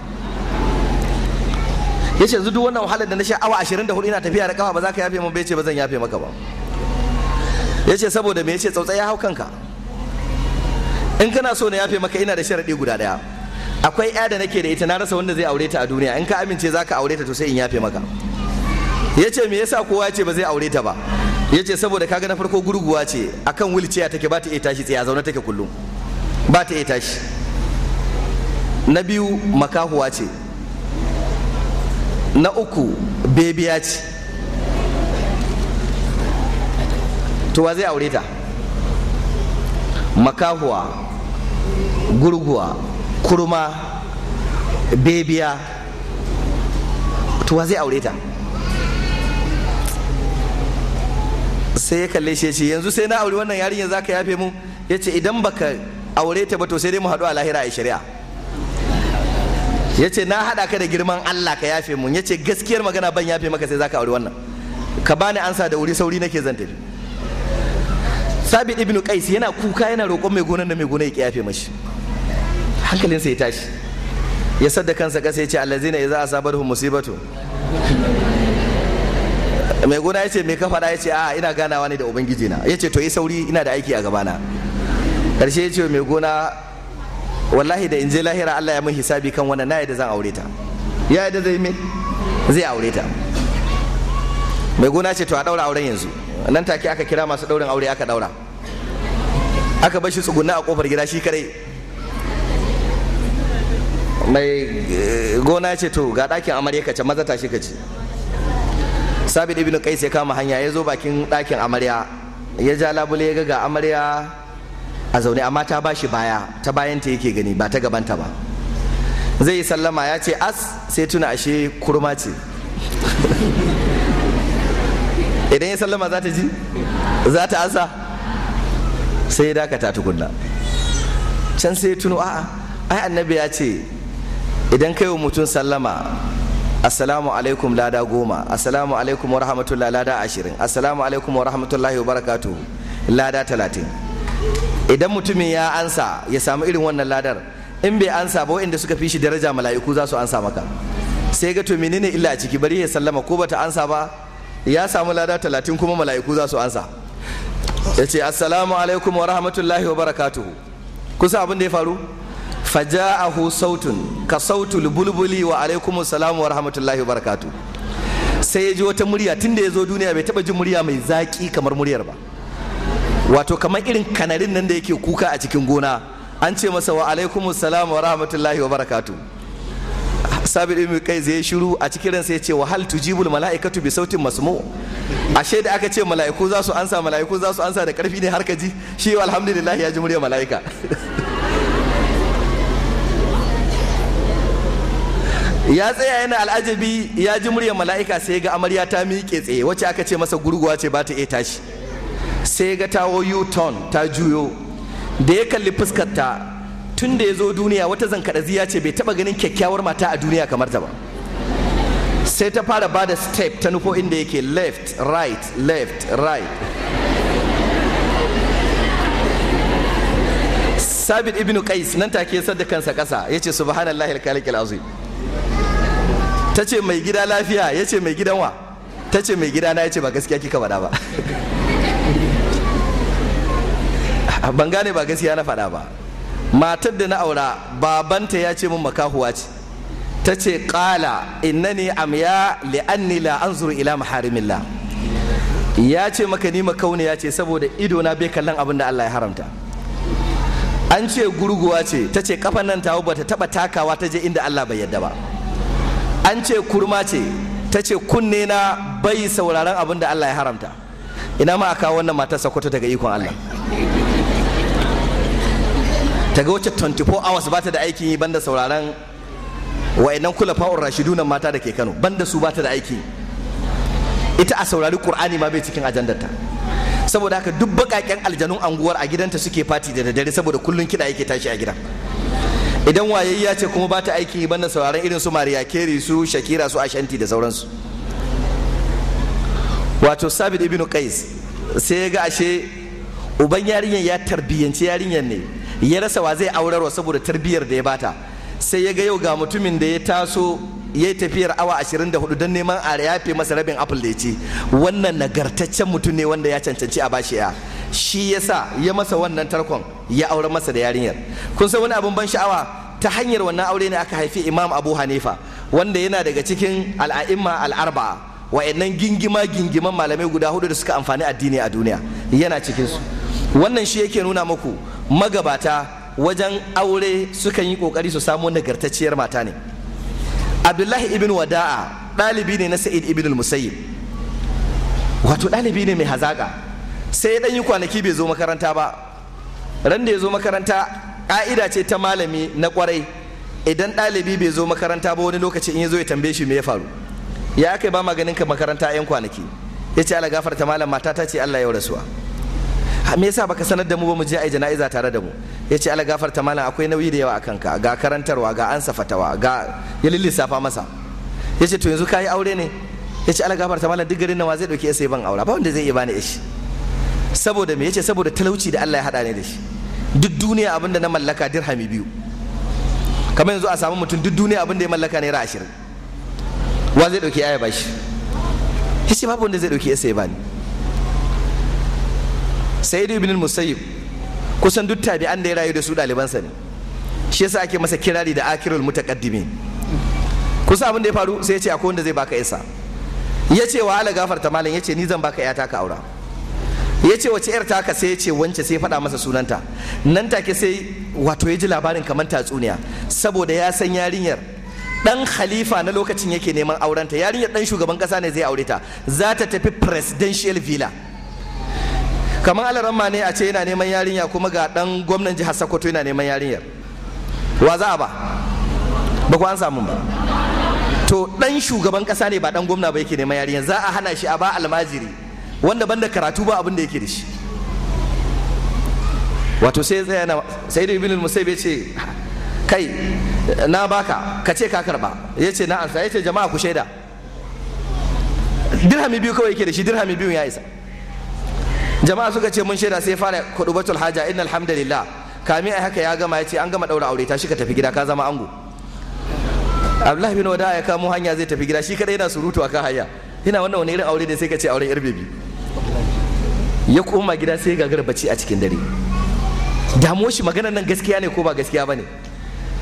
yace yanzu duk wannan wahalar da na sha awa 24 ina tafiya da kafa ba za ka yafe min ba yace ba zan yafe maka ba yace saboda me yace tsautsayi ya hau kanka in kana so na yafe maka ina da sharaɗi guda ɗaya akwai ƴa da nake da ita na rasa wanda zai aure ta a duniya in ka amince za ka aure ta to sai in yafe maka ya ce me yasa kowa ya ce ba zai aure ta ba ya ce saboda kaga na farko gurguwa ce akan wilciya take ba ta iya tashi tsaye a zaune take kullum ba ta iya tashi na biyu makahuwa ce na uku bebiya ce to wa zai aure ta makahuwa gurguwa kurma bebiya tuwa zai aure ta sai ya kalle shi ce yanzu sai na aure wannan yarinya za ka yafe mu ya ce idan baka aure ta ba to sai dai mu haɗu a lahira a shari'a ya ce na haɗa ka da girman Allah ka yafe mu ya ce gaskiyar magana ban yafe maka sai za ka aure wannan ka bani ansa da wuri sauri nake zan tafi sabi ibn qais yana kuka yana roƙon mai gonan da mai gonan ya kiyafe mashi hankalinsa ya tashi ya sadda kansa kasa ya ce allazina idza asabarhum musibatu mai gona ya ce mai kafa ya ce a ina ganawa ne da ubangiji na ya ce to yi sauri ina da aiki a gabana karshe ya ce mai gona wallahi da in je lahira Allah ya mun hisabi kan wannan na yadda zan aure ta ya yadda zai min zai aure ta mai gona ce to a daura auren yanzu nan take aka kira masu daurin aure aka daura aka bar shi tsugunna a kofar gida shi kare mai eh, gona ce to ga ɗakin amarya ka ce maza tashi sabi da ibn kaisa ya kama hanya ya zo bakin dakin amarya ya ja labule ya ga ga amarya a zaune amma ta bashi baya ta bayanta yake gani ba ta gabanta ba zai yi sallama ya ce as sai tuna ashe kurma ce idan ya sallama za ta ji za ta ansa sai ya dakata tukunna can sai ya tuno a'a ai annabi ya ce idan kai wa mutum sallama assalamu alaikum lada goma assalamu alaikum wa rahmatullahi lada ashirin assalamu alaikum wa rahmatullahi wa barakatuhu lada talatin idan mutumin ya ansa ya samu irin wannan ladar in bai ansa ba waɗanda suka fi shi daraja mala'iku za su ansa maka sai ga to menene illa a ciki bari ya sallama ko bata ansa ba ya samu lada talatin kuma mala'iku za su ansa ya ce assalamu alaikum wa rahmatullahi wa barakatuhu kusa abin da ya faru faja'ahu sautun ka sautul bulbuli wa alaikum salamu wa rahmatullahi wa barakatuhu sai ya ji wata murya tun da ya zo duniya bai taba jin murya mai zaki kamar muryar ba wato kamar irin kanarin nan da yake kuka a cikin gona an ce masa wa alaikum assalamu wa rahmatullahi wa barakatuhu sabir ibn kai zai shiru a cikin ransa ya ce wa hal tujibul mala'ikatu bi sautin masmu ashe da aka ce mala'iku za su ansa mala'iku za su ansa da karfi ne har ka ji shi alhamdulillah ya ji murya mala'ika ya tsaya yana al'ajabi ya ji murya mala'ika sai ga amarya ta miƙe tsaye wacce aka ce masa gurguwa ce ba ta iya tashi sai ga ta u-turn ta juyo da ya kalli fuskarta tun da ya zo duniya wata zankaraziya ce bai taba ganin kyakkyawar mata a duniya kamar ta ba sai ta fara bada step ta nufo inda yake left right left right sabit ibn qais nan take ya da kansa kasa yace subhanallahi alkalikil azim tace mai gida lafiya yace mai gidan wa tace mai gida na yace ba gaskiya kika faɗa ba ban gane ba gaskiya na faɗa ba matar da na aura babanta ya ce min makahuwa ce ta ce ƙala innani amya li'anni la anzuru ila maharimillah ya ce maka ni makauni ya ce saboda ido na bai kallon abin da Allah ya haramta an ce gurguwa ce ta ce kafan nan tawo bata taba takawa ta je inda Allah bai yadda ba an ce kurma ce ta ce kunne na bai sauraron abin da Allah ya haramta ina ma aka wannan matar sakwato daga ikon Allah ta ga wacce 24 hours ba ta da aikin yi banda sauraron wayannan kula fa'ur rashidunan mata da ke Kano banda su ba ta da aikin ita a saurari Qur'ani ma bai cikin ajandarta saboda haka duk bakaken aljanun anguwar a gidanta suke fati da dare saboda kullun kiɗa yake tashi a gidan idan waye ya ce kuma ba ta aikin banda sauraron irin su Mariya Keri su Shakira su Ashanti da sauransu wato Sabit ibn Qais sai ya ga ashe uban yarinyar ya tarbiyyance yarinyar ne ya rasa wa zai wa saboda tarbiyyar da ya bata sai ya ga yau ga mutumin da ya taso ya yi tafiyar awa 24 don neman a fi masa rabin apple da ya ci wannan nagartaccen mutum ne wanda ya cancanci a bashi ya shi yasa ya masa wannan tarkon ya aure masa da yarinyar kun san wani abin ban sha'awa ta hanyar wannan aure ne aka haifi imam abu hanifa wanda yana daga cikin al'a'imma al'arba, wa'annan gingima gingiman malamai guda hudu da suka amfani addini a duniya yana cikinsu wannan shi yake nuna muku magabata wajen aure sukan yi kokari su samu nagartacciyar mata ne abdullahi ibn wada'a ɗalibi ne na sa'id ibn musayyib wato ɗalibi ne mai hazaƙa sai ya yi kwanaki bai zo makaranta ba ran da ya zo makaranta ƙa'ida ce ta malami na ƙwarai idan ɗalibi bai zo makaranta ba wani lokaci in ya zo ya tambaye shi me ya faru ya kai ba maganin ka makaranta 'yan kwanaki ya ce ala gafarta malam mata ta ce allah ya rasuwa me yasa baka sanar da mu ba mu je ai jana'iza tare da mu yace ala gafarta malam akwai nauyi da yawa akan ka ga karantarwa ga ansa fatawa ga ya lissafa masa yace to yanzu kai aure ne yace ala gafarta malam duk garin nawa zai dauki sai ban aura ba wanda zai iya bani ishi saboda me yace saboda talauci da Allah ya hada ni da shi duk duniya abinda da na mallaka dirhami biyu kamar yanzu a samu mutum duk duniya abinda da ya mallaka naira ashirin wa zai dauki aya bashi yace babu wanda zai dauki sai bani sayyid ibn musayyib kusan duk tabi'an da ya rayu da su ɗalibansa ne shi yasa ake masa kirari da akirul mutaqaddimin kusa abin da ya faru sai ya ce akwai wanda zai baka isa ya ce wa ala gafarta malam ya ce ni zan baka yata ka aura ya ce wace yar taka sai ya ce wance sai faɗa masa sunanta nan take sai wato ya ji labarin kamar tatsuniya saboda ya san yarinyar dan khalifa na lokacin yake neman aurenta yarinyar dan shugaban kasa ne zai aure ta za ta tafi presidential villa kamar alaramma ne a ce yana neman yarinya kuma ga dan gwamnan jihar sokoto yana neman yarinyar wa za a ba ba ku an samu ba to dan shugaban kasa ne ba dan gwamna ba yake neman yarinya za a hana shi a ba almajiri wanda banda karatu ba abin da yake da shi wato sai zai na sai da ibn musaib ya ce kai na baka ka ce ka karba ya ce na ansa ya ce jama'a ku shaida dirhami biyu kawai yake da shi dirhami biyu ya isa jama'a suka ce mun shaida sai fara kudu batul haja inna alhamdulillah kami ai haka ya gama ya ce an gama daura aure ta shi ka tafi gida ka zama ango abdullahi bin wada ya kamo hanya zai tafi gida shi kadai yana surutu akan haya. yana wannan wani irin aure ne sai ka ce auren yar bebi ya koma gida sai ga garbaci a cikin dare damuwar shi maganar nan gaskiya ne ko ba gaskiya ba ne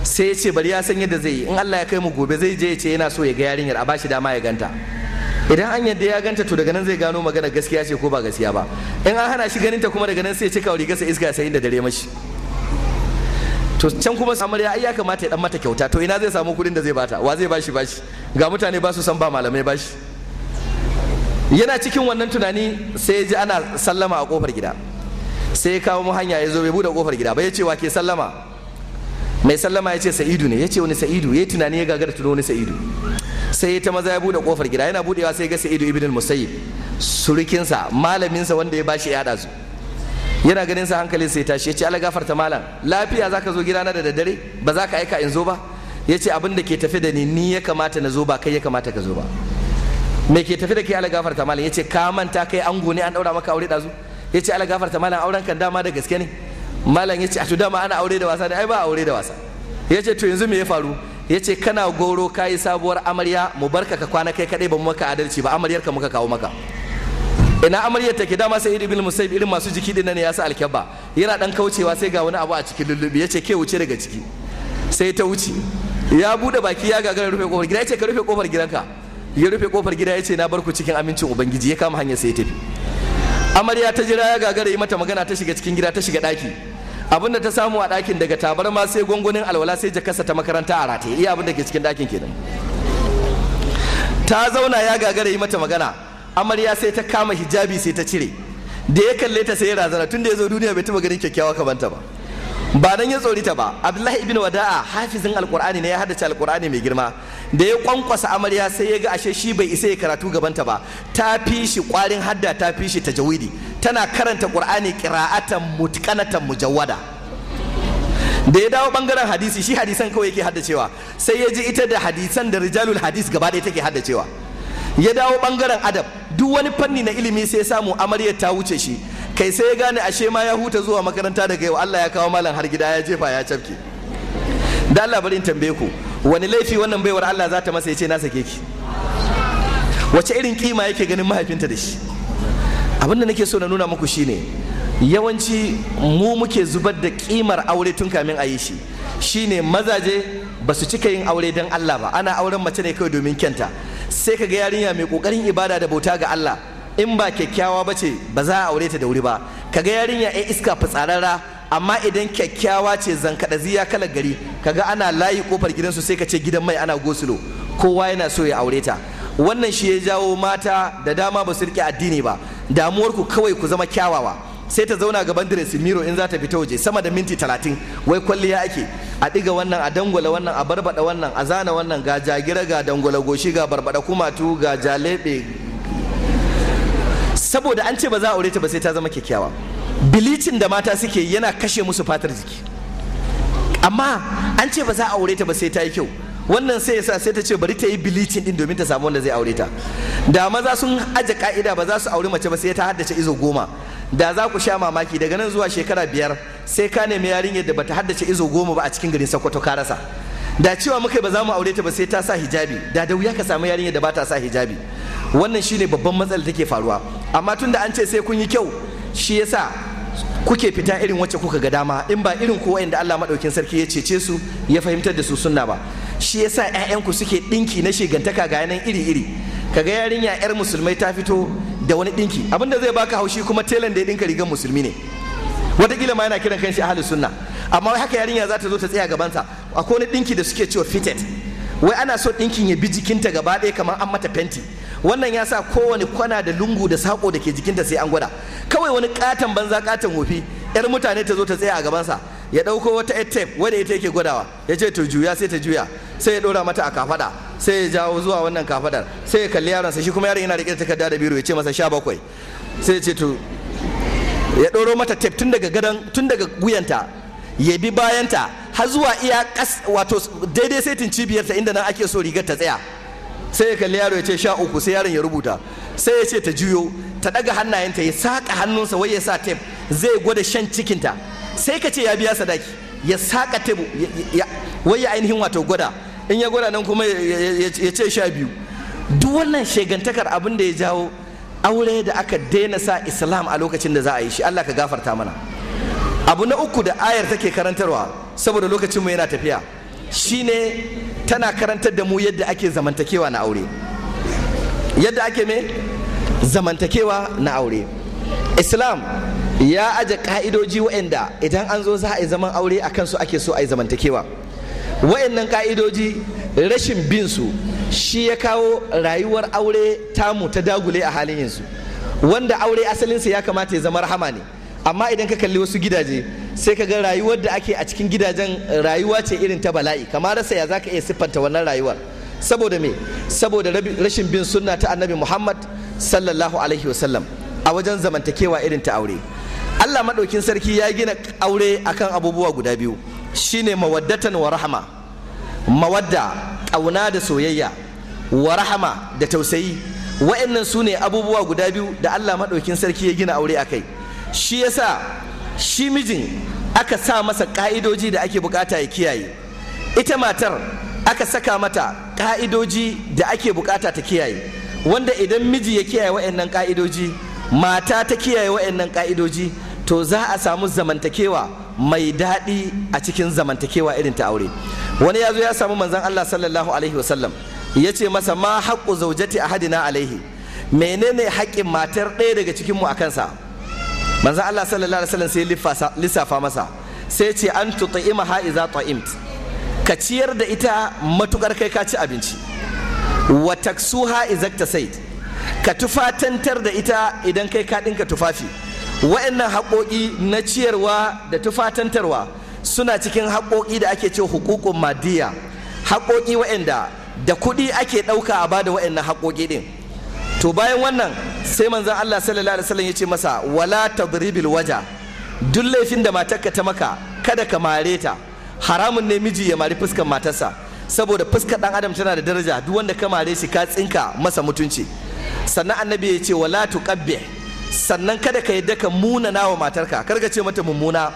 sai ya ce bari ya san yadda zai yi in Allah ya kai mu gobe zai je ya ce yana so ya ga yarinyar a bashi dama ya ganta idan an yadda ya ganta to daga nan zai gano magana gaskiya ce ko ba gaskiya ba in an hana shi ganinta kuma daga nan sai cika cika gasa iska sai da dare mashi to can kuma amarya ai ya kamata ya dan mata kyauta to ina zai samu kudin da zai bata wa zai bashi bashi ga mutane ba su san ba malamai bashi yana cikin wannan tunani sai ya ji ana sallama a kofar gida sai ya kawo mu hanya ya zo bai bude kofar gida ba ya ce wa ke sallama mai sallama ya ce sa'idu ne ya ce wani sa'idu ya yi tunani ya gagara tuno wani sa'idu sai ya ta maza ya bude kofar gida yana budewa sai ga sa'idu ibn musayyib surukinsa malaminsa wanda ya bashi yada su yana ganin sa hankalin sai tashi ya ce Allah gafarta malam lafiya zaka zo gidana da daddare ba za ka aika in zo ba ya ce abin da ke tafi da ni ni ya kamata na zo ba kai ya kamata ka zo ba me ke tafi da kai Allah gafarta malam ya ce ka manta kai ango ne an daura maka aure dazu ya ce Allah gafarta malam auren kan dama da gaske ne malam ya ce a to dama ana aure da wasa ne ai ba aure da wasa ya ce to yanzu me ya faru ya ce kana goro ka yi sabuwar amarya mu barka ka kwana kai kadai ba mu maka adalci ba amaryar ka muka kawo maka ina amaryar ta take dama sai ibn musaib irin masu jiki din ne ya sa alkyabba yana dan kaucewa sai ga wani abu a cikin lullubi ya ce ke wuce daga ciki sai ta wuce ya bude baki ya gagara rufe kofar gida ya ce ka rufe kofar gidanka ya rufe kofar gida ya ce na barku cikin amincin ubangiji ya kama hanyar sai ya tafi amarya ta jira ya gagara yi mata magana ta shiga cikin gida ta shiga daki abin da ta samu a dakin daga tabarma sai gwangwanin alwala sai jakasa ta makaranta a rataye iya abin da ke cikin dakin kenan ta zauna ya gagara yi mata magana amarya sai ta kama hijabi sai ta cire da ya kalle ta sai razana tun da ya zo duniya bai taɓa ganin kyakkyawa kamanta ba ba nan ya tsorita ba abdullahi ibn wada'a hafizin alkur'ani ne ya haddace alkur'ani mai girma da ya kwankwasa amarya sai ya ga ashe shi bai isa ya karatu gaban ta ba ta fi shi kwarin hadda ta fi shi tajawidi tana karanta qur'ani qira'atan mutqanatan mujawwada da ya dawo bangaren hadisi shi hadisan kawai yake haddacewa sai ya ji ita da hadisan da rijalul hadis gaba ɗaya take haddacewa ya dawo bangaren adab duk wani fanni na ilimi sai samu amaryar ta wuce shi kai sai ya gane ashe ma ya huta zuwa makaranta daga yau Allah ya kawo malam har gida ya jefa ya cafke da Allah bari in tambaye ku wani laifi wannan baiwar Allah za ta masa ya ce na sake ki wace irin kima yake ganin mahaifinta da shi abinda nake so na nuna muku shine yawanci mu muke zubar da kimar aure tun kamin a yi shi shine mazaje ba su cika yin aure don Allah ba ana auren mace ne kawai domin kyanta sai ka ga yarinya mai kokarin ibada da bauta ga Allah in ba kyakkyawa ba ce ba za a aure ta da wuri ba ka ga yarinya ya iska fitsararra amma idan kyakkyawa ce zankadaziya kala gari kaga ana layi kofar su sai ka ce gidan mai ana gosulo kowa yana so ya aure ta wannan shi ya jawo mata da dama ba su rike addini ba damuwarku kawai ku zama kyawawa sai ta zauna gaban diresin miro in za ta fita waje sama da minti talatin wai kwalliya ake a ɗiga wannan a dangwala wannan a barbaɗa wannan a zana wannan ga jagira ga dangwala goshi ga barbaɗa kumatu ga jalebe saboda an ce ba za a aure ta ba sai ta zama kyakkyawa bilicin da mata suke yana kashe musu fatar jiki amma an ce ba za a aure ta ba sai ta yi kyau wannan sai yasa sai ta ce bari ta yi bilicin din domin ta samu wanda zai aure ta da maza sun aje ka'ida ba za su auri mace ba sai ta haddace izo goma da za ku sha mamaki daga nan zuwa shekara biyar sai ka nemi yarinyar da bata haddace izo goma ba a cikin garin sokoto ka rasa da cewa muka ba za mu aure ta ba sai ta sa hijabi da da wuya ka samu yarinyar da bata sa hijabi wannan shine babban matsalar take faruwa amma tunda an ce sai kun yi kyau shi yasa kuke fita irin wacce kuka ga dama in ba irin ku da Allah madaukin sarki ya cece su ya fahimtar da su sunna ba shi yasa ƴaƴanku suke dinki na shigantaka ga yanan iri iri kaga yarinya yar musulmai ta fito da wani dinki abinda zai baka haushi kuma telan da ya dinka rigar musulmi ne wataƙila ma yana kiran kanshi ahlus sunna amma wai haka yarinya za ta zo ta tsaya gabansa akwai wani dinki da suke cewa fitted wai ana so dinkin ya bi jikinta gaba ɗaya kamar an mata fenti wannan ya sa kowane kwana da lungu da sako da ke jikinta sai an gwada kawai wani katon banza katon hofi yar mutane ta zo ta tsaya a gabansa ya ɗauko wata tape wadda ita yake gwadawa ya ce to juya sai ta juya sai ya ɗora mata a kafada sai ya jawo zuwa wannan kafadar sai ya kalli yaronsa shi kuma yaron yana riƙe takarda da biro ya ce masa sha bakwai sai ya ce to ya ɗoro mata tape tun daga gadon tun daga wuyanta ya bi bayanta har zuwa iya wato daidai saitin cibiyarta inda nan ake so rigar ta tsaya sai ya kalli yaro ya ce sha uku sai yaron ya rubuta sai ya ce ta juyo ta daga hannayenta ya saka hannunsa wai ya sa tape zai gwada shan cikinta sai ka ce ya biya sadaki ya saka tape wai ya ainihin wato gwada in ya gwada nan kuma ya ce sha biyu duk wannan shegantakar abin da ya jawo aure da aka daina sa islam a lokacin da za a yi shi allah ka gafarta mana abu na uku da ayar take karantarwa saboda lokacin mu yana tafiya Shi ne tana karantar da mu yadda ake zamantakewa na aure yadda ake me zamantakewa na aure islam ya aje ka'idoji wa'anda idan an zo za a yi zaman aure a kansu ake so a yi zamantakewa wa'annan ka'idoji rashin bin su shi ya kawo rayuwar aure tamu ta dagule a halin yanzu wanda aure asalinsa ya kamata ya zama rahama ne amma idan ka kalli wasu gidaje sai ka ga rayuwar da ake a cikin gidajen rayuwa ce irin ta bala'i kamar rasa ya ka iya siffanta wannan rayuwar saboda me saboda rashin bin sunna ta annabi muhammad sallallahu alaihi wasallam a wajen zamantakewa irin ta aure allah maɗaukin sarki ya gina aure akan abubuwa guda biyu shine mawaddatan wa rahama mawadda ƙauna da soyayya wa rahama da tausayi wa'annan su ne abubuwa guda biyu da allah maɗaukin sarki ya gina aure a kai shi yasa shi mijin aka sa masa ka'idoji da ake bukata ya kiyaye ita matar aka saka mata ka'idoji da ake bukata ta kiyaye wanda idan miji ya kiyaye wa'annan ka'idoji mata ta kiyaye wa'annan ka'idoji to za a samu zamantakewa mai daɗi a cikin zamantakewa irin ta aure wani ya zo ya samu manzon Allah sallallahu alaihi wasallam ya ce masa ma haƙƙu zaujati Hadina alaihi menene haƙƙin matar ɗaya daga cikinmu a kansa manzo Allah sallallahu alaihi wasallam sai lissafa masa sai ce an tut'ima ha iza ta'imt ka ciyar da ita matukar kai ka ci abinci wa taksuha iza tasaid ka tufatantar da ita idan kai ka dinka tufafi wa'annan haƙoƙi na ciyarwa da tufatantarwa suna cikin haƙoƙi da ake ce hukukun madiya haƙoƙi wa'anda da kuɗi ake ɗauka a bada wa'annan haƙoƙi ɗin to bayan wannan sai manzon Allah sallallahu alaihi wasallam ya ce masa wala tadribil waja duk laifin da matarka ta maka kada ka mare ta haramun ne miji ya mari fuskar matarsa saboda fuskar dan adam tana da daraja duk wanda ka mare shi ka tsinka masa mutunci sannan annabi ya ce wala tuqabbi sannan kada ka yadda ka munana wa matarka kar ka ce mata mummuna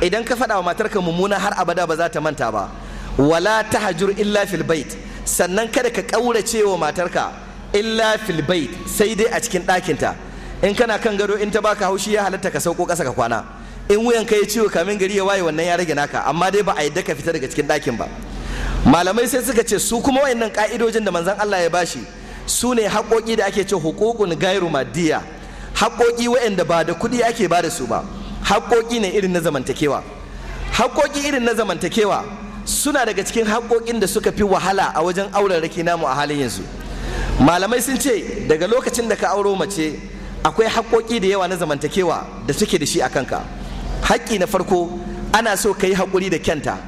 idan ka faɗa wa matarka mummuna har abada ba za ta manta ba wala tahjur illa fil bait sannan kada ka kaurace wa matarka illa fil bait sai dai a cikin ɗakinta in kana kan gado in ta baka haushi ya halatta ka sauko ƙasa ka kwana in wuyan ka ya ciwo kamin gari ya waye wannan ya rage naka amma dai ba a yadda ka fita daga cikin ɗakin ba malamai sai suka ce su kuma wayannan ka'idojin da manzon Allah ya bashi su ne haƙoƙi da ake ce hukukun gairu maddiya haƙoƙi wayanda ba da kuɗi ake ba da su ba haƙoƙi ne irin na zamantakewa haƙoƙi irin na zamantakewa suna daga cikin haƙoƙin da suka fi wahala a wajen auren rake namu a halin yanzu malamai sun ce daga lokacin da ka auro mace akwai haƙoƙi da yawa na zamantakewa da suke da shi a kanka haƙƙi na farko ana so ka yi haƙuri da kyanta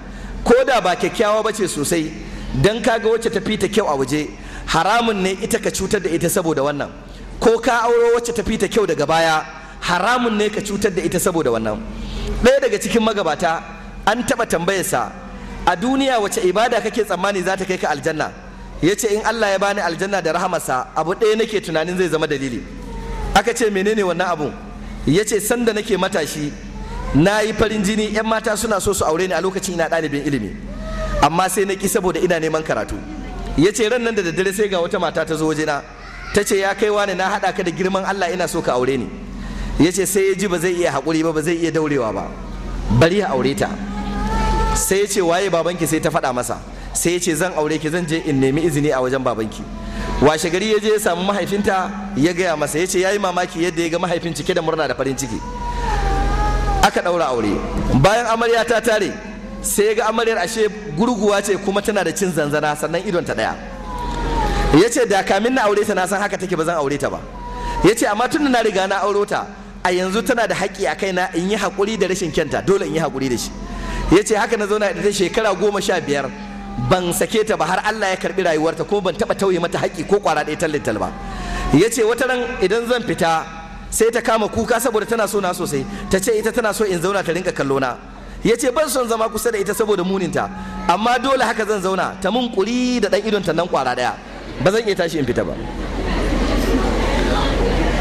ko da ba kyakkyawa ba ce sosai don ka ga wacce ta kyau a waje haramun ne ita ka cutar da ita saboda wannan ko ka auro wacce ta kyau daga baya haramun ne ka cutar da ita saboda wannan ɗaya daga cikin magabata an taɓa tambayarsa a duniya wace ibada kake tsammani za ta kai ka aljanna ya ce in Allah ya bani aljanna da rahamarsa abu ɗaya nake tunanin zai zama dalili aka ce menene wannan abu ya ce sanda nake matashi na yi farin jini 'yan mata suna so su aure ni a lokacin ina ɗalibin ilimi amma sai na ki saboda ina neman karatu ya ce ran nan da daddare sai ga wata mata ta zo wajena ta ce ya kai wani na haɗa ka da girman Allah ina so ka aure ni ya ce sai ya ji ba zai iya haƙuri ba ba zai iya daurewa ba bari ya aure ta sai ya ce waye babanki sai ta faɗa masa sai ya ce zan aure ki zan je in nemi izini a wajen babanki washe gari ya je ya samu mahaifinta ya gaya masa ya ce ya yi mamaki yadda ya ga mahaifin cike da murna da farin ciki aka daura aure bayan amarya ta tare sai ya ga amaryar ashe gurguwa ce kuma tana da cin zanzana sannan idon ta ɗaya ya ce da kamin na aure ta na san haka take ba zan aure ta ba ya ce amma tun da na riga na auro ta a yanzu tana da haƙƙi a kaina in yi haƙuri da rashin kyanta dole in yi haƙuri da shi ya ce haka na zauna da ta shekara goma sha biyar ban sake ta ba har Allah ya karbi rayuwarta ko ban taba tauye mata haƙƙi ko kwara ɗaya tallintal ba ce wata ran idan zan fita sai ta kama kuka saboda tana so na sosai ta ce ita tana so in zauna ta rinka kallo na Ya ce ban son zama kusa da ita saboda muninta amma dole haka zan zauna ta mun kuri da ɗan idon ta nan kwara ɗaya ba zan iya tashi in fita ba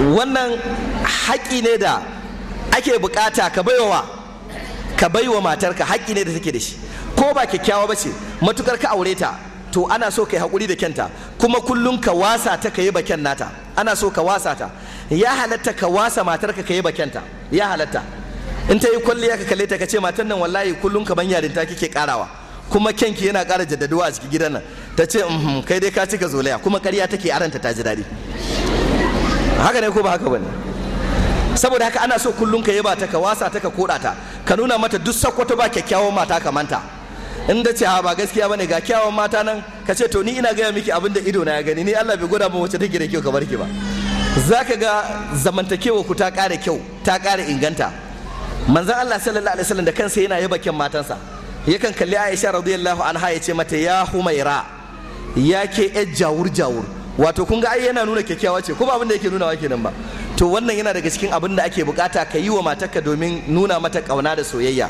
wannan haƙƙi ne da ake bukata ka baiwa ka baiwa matarka haƙƙi ne da take da shi ko ba kyakkyawa ba ce matukar ka aure ta to ana so ka yi haƙuri da kyanta kuma kullum ka wasa ta ka yi baken nata ana so ka wasa ta ya halatta ka wasa matarka ka yi bakenta ya halatta in ta yi kwalliya ka kalle ta ka ce matan nan wallahi kullum ka ban yarinta kike karawa kuma kyanki yana ƙara jaddaduwa a cikin gidan nan ta ce kai dai ka cika zolaya kuma ƙarya take aranta ta ji daɗi haka ne ko ba haka bane saboda haka ana so kullum ka yaba ta ka wasa ta ka koda ta ka nuna mata duk sakwato ba kyakkyawan mata ka manta in da ce ba gaskiya bane ga kyawun mata nan ka ce to ni ina gaya miki abin da ido na ya gani ni Allah bai gwada min wacce take da kyau kamar ki ba Za ka ga zamantakewa ku ta ƙara kyau ta ƙara inganta manzon Allah sallallahu alaihi wasallam da kansa yana yaba kyan matansa yakan kalli Aisha radiyallahu anha ya ce mata ya Humaira ya ke yar jawur jawur wato kun ga ai yana nuna kyakkyawa ce kuma abin da yake nuna kenan ba to wannan yana daga cikin abin da ake bukata ka yi wa matarka domin nuna mata kauna da soyayya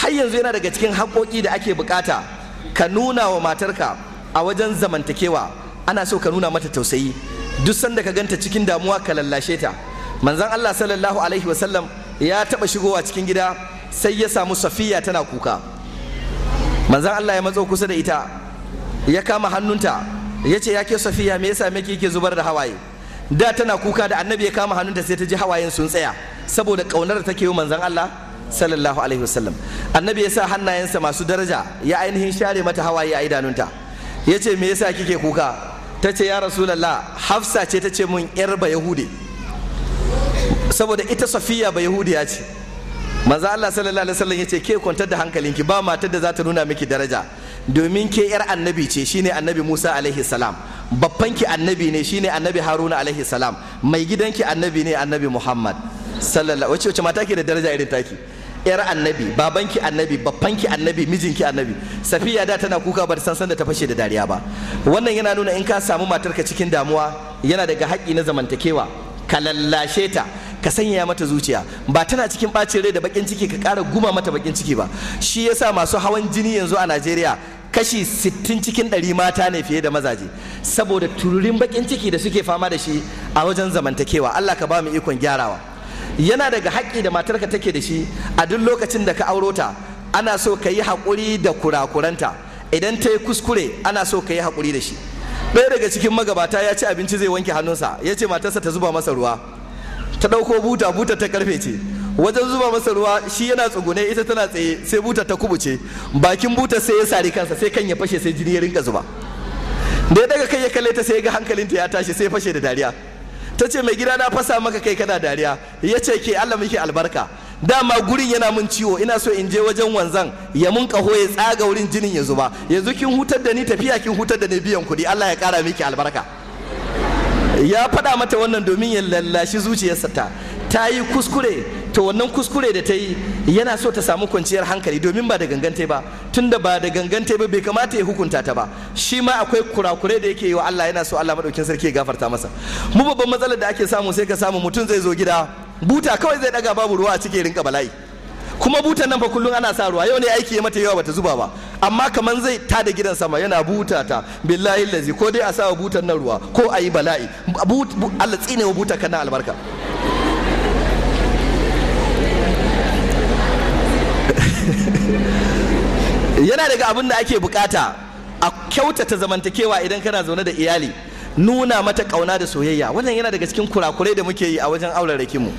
har yanzu yana daga cikin haƙoƙi da ake bukata ka nuna wa matarka a wajen zamantakewa ana so ka nuna mata tausayi duk sanda ka ganta cikin damuwa ka lallashe ta manzon Allah sallallahu alaihi wasallam ya taba shigowa cikin gida sai ya samu safiya tana kuka manzon Allah ya matso kusa da ita ya kama hannunta ya ce ya ke safiya me yasa miki yake zubar da hawaye da tana kuka da annabi ya kama hannunta sai ta ji hawayen sun tsaya saboda kaunar da take yi manzon Allah sallallahu alaihi wasallam annabi ya sa hannayensa masu daraja ya ainihin share mata hawaye a idanunta ya ce me yasa kike kuka ta ce ya rasulallah hafsa ce ta ce mun yar ba yahude saboda ita safiya ba ya ce manzo Allah sallallahu alaihi wasallam ce ke kwantar da hankalinki ba matar da za ta nuna miki daraja domin ke yar annabi ce shine annabi Musa alaihi salam babbanki annabi ne shine annabi Haruna alaihi salam mai gidanki annabi ne annabi Muhammad sallallahu wace wace mata ke da daraja irin taki yar annabi babanki annabi babbanki annabi mijinki annabi safiya da tana kuka ba san san da ta fashe da dariya ba wannan yana nuna in ka samu matar ka cikin damuwa yana daga haƙƙi na zamantakewa ka lallashe ta ka sanya mata zuciya ba tana cikin bacin rai da bakin ciki ka kara guma mata bakin ciki ba shi yasa masu hawan jini yanzu a Najeriya kashi 60 cikin 100 mata ne fiye da mazaje saboda tururin bakin ciki da suke fama da shi a wajen zamantakewa Allah ka ba mu ikon gyarawa yana daga haƙƙi da matarka take da shi a duk lokacin da ka auro ta ana so ka yi haƙuri da kurakuranta idan ta yi kuskure ana so ka yi haƙuri da shi ɗaya daga cikin magabata ya ci abinci zai wanke hannunsa ya ce matarsa ta zuba masa ruwa ta ɗauko buta buta ta karfe ce wajen zuba masa ruwa shi yana tsugune ita tana tsaye sai buta ta kubuce bakin buta sai ya sari kansa sai kan ya fashe sai jini ya rinka zuba da daga kai ya kalle ta sai ya ga hankalinta ya tashi sai ya fashe da dariya ta ce mai gida na fasa maka kai kana dariya ya ce ke allah muke albarka dama gurin yana mun ciwo ina so in je wajen wanzan ya mun kaho ya tsaga wurin jinin ya zuba yanzu kin hutar da ni tafiya kin hutar da ni biyan kuɗi allah ya kara miki albarka ya faɗa mata wannan domin ya lallashi zuciyarsa ta ta yi kuskure to wannan kuskure da ta yi yana so ta samu kwanciyar hankali domin ba da gangante ba tunda ba da gangante ba bai kamata ya hukunta ta ba shi ma akwai kurakurai da yake yi wa Allah yana so Allah madaukin sarki ya gafarta masa mu babban matsalar da ake samu sai ka samu mutum zai zo gida buta kawai zai daga babu ruwa a cike rinka bala'i kuma butan nan fa kullum ana sa ruwa yau ne aiki ya mata yawa bata zuba ba amma kaman zai ta da gidan sama yana buta ta billahi lazi ko dai a sa butan nan ruwa ko a yi bala'i Allah tsine wa buta kana albarka yana daga abin da ake bukata a kyautata zamantakewa idan kana zaune da iyali nuna mata kauna da soyayya wannan yana daga cikin kurakurai da muke yi a wajen aurareki mu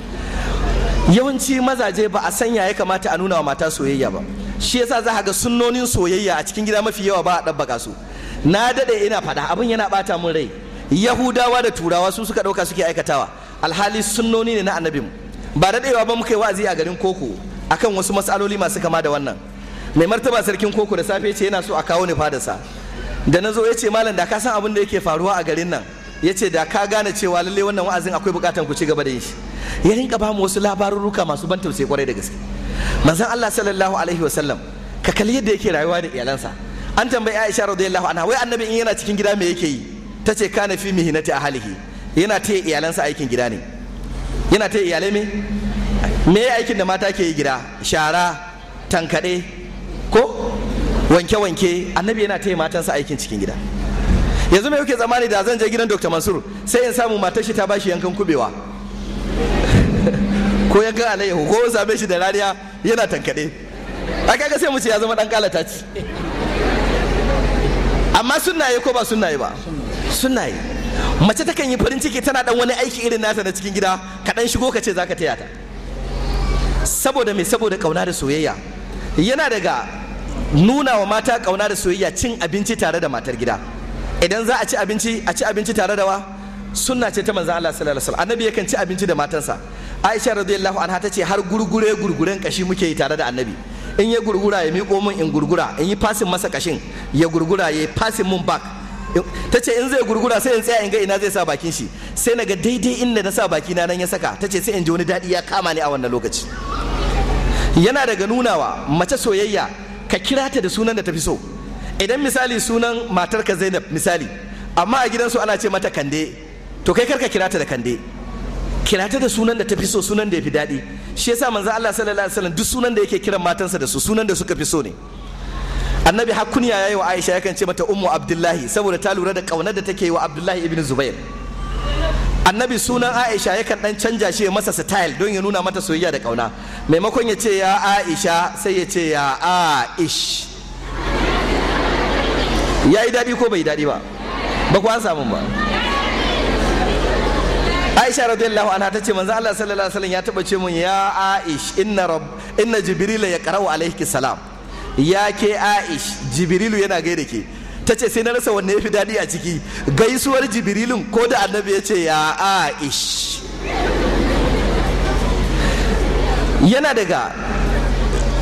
yawanci mazaje ba a sanya ya kamata a nuna wa mata soyayya ba shi yasa za ga sunnonin soyayya a cikin gida mafi yawa ba a ɗabbaka su na daɗe ina faɗa abin yana ɓata mun rai yahudawa da turawa su suka ɗauka suke aikatawa alhali sunnoni ne na annabin ba daɗewa ba muka yi wa'azi a garin koko akan wasu matsaloli masu kama da wannan mai martaba sarkin koko da safe ce yana so a kawo ni fadarsa da na zo ya ce malam da ka san abin da yake faruwa a garin nan ya ce da ka gane cewa lalle wannan wa'azin akwai bukatan ku ci gaba da yin shi ya rinka ba mu wasu labarurruka masu ban tausayi kwarai da gaske manzon Allah sallallahu alaihi wa sallam ka kalli yadda yake rayuwa da iyalansa an tambayi Aisha radiyallahu anha wai annabi in yana cikin gida me yake yi tace kana fi mihinati ahlihi yana taya iyalansa aikin gida ne yana taya iyalai me me aikin da mata ke yi gida shara tankade ko wanke-wanke annabi yana taya matansa aikin cikin gida yanzu mai kuke zamani da zan je gidan dr mansur sai in samu matar shi ta bashi yankan kubewa ko yankan alayyahu ko same shi da rariya yana tankaɗe a kaga sai mu ce ya zama ɗan kalata ci amma yi ko ba yi ba yi. mace takan yi farin ciki tana dan wani aiki irin nata na cikin gida ka dan shigo ka ce zaka taya ta saboda me saboda kauna da soyayya yana daga nuna wa mata kauna da soyayya cin abinci tare da matar gida idan za a ci abinci a ci abinci tare da wa sunna ce ta manzon Allah sallallahu alaihi wasallam annabi yakan ci abinci da matansa Aisha radiyallahu anha ta ce har gurgure gurguren kashi muke yi tare da annabi in ya gurgura ya miƙo min in gurgura in yi fasin masa kashin ya gurgura ya fasin mun back ta ce in zai gurgura sai in tsaya in ga ina zai sa bakin shi sai na ga daidai inda na sa baki na nan ya saka ta ce sai in ji wani daɗi ya kama ni a wannan lokaci yana daga nunawa mace soyayya ka kira ta da sunan da tafi so idan misali sunan matarka zainab misali amma a gidansu ana ce mata kande to kai karka kira ta da kande kira ta da sunan da tafi so sunan da ya fi daɗi shi yasa manzo Allah sallallahu alaihi wasallam duk sunan da yake kiran matansa da su sunan da suka fi so ne annabi hakuniya ya yayi wa Aisha yakan ce mata ummu Abdullahi saboda ta lura da kaunar da take yi wa Abdullahi ibn Zubair annabi sunan aisha yakan dan canja shi ya masa style don ya nuna mata soyayya da kauna maimakon ya ce ya aisha sai ya ce ya aish ya yi daɗi ko bai daɗi ba ba ku an samu ba aisha radiyallahu anha ta ce manzo Allah sallallahu alaihi wasallam ya taba ce mun ya aish inna rabb inna jibril ya qara'u alayki salam ya ke aish jibrilu yana gaida ke ta ce sai na rasa wanne ya fi daɗi a ciki gaisuwar jibrilin ko da annabi ya ce ya aish yana daga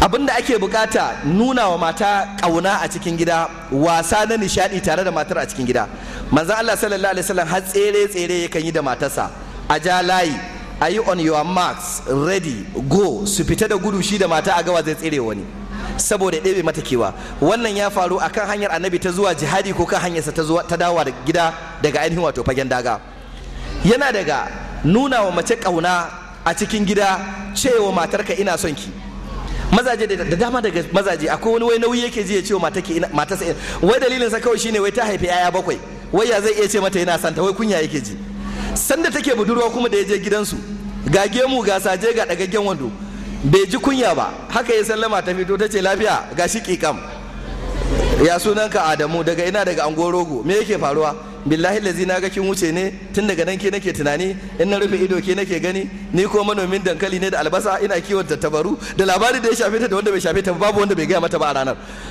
abin da ake bukata nuna wa mata ƙauna a cikin gida wasa na nishadi tare da matar a cikin gida manzan allah sallallahu alaihi wasallam har tsere tsere yakan yi da matarsa a ja layi a yi on your marks ready go su fita da gudu shi da mata a gawa zai tsere wani saboda ya ɗebe mata kewa wannan ya faru akan hanyar annabi ta zuwa jihadi ko kan hanyarsa ta zuwa ta dawa gida daga ainihin wato fagen daga yana daga nuna wa mace ƙauna a cikin gida cewa matarka ina son ki mazaje da dama daga mazaje akwai wani wai nauyi yake ji ya cewa matarka ina matarsa wai dalilin sa kawai shine wai ta haifi yaya bakwai wai ya zai iya ce mata yana ta wai kunya yake ji sanda take budurwa kuma da ya je gidansu ga gemu ga saje ga dagaggen wando bai ji kunya ba haka ya sallama ta fito ta ce lafiya ga shi kikam ya sunanka adamu daga ina daga angorogo me yake faruwa billahi lazi na ga kin wuce ne tun daga nan ke nake tunani in na rufe ido ke nake gani ni ko manomin dankali ne da albasa ina kiwon tattabaru da labarin da ya shafe ta da wanda bai shafe ta babu wanda bai gaya mata ba a ranar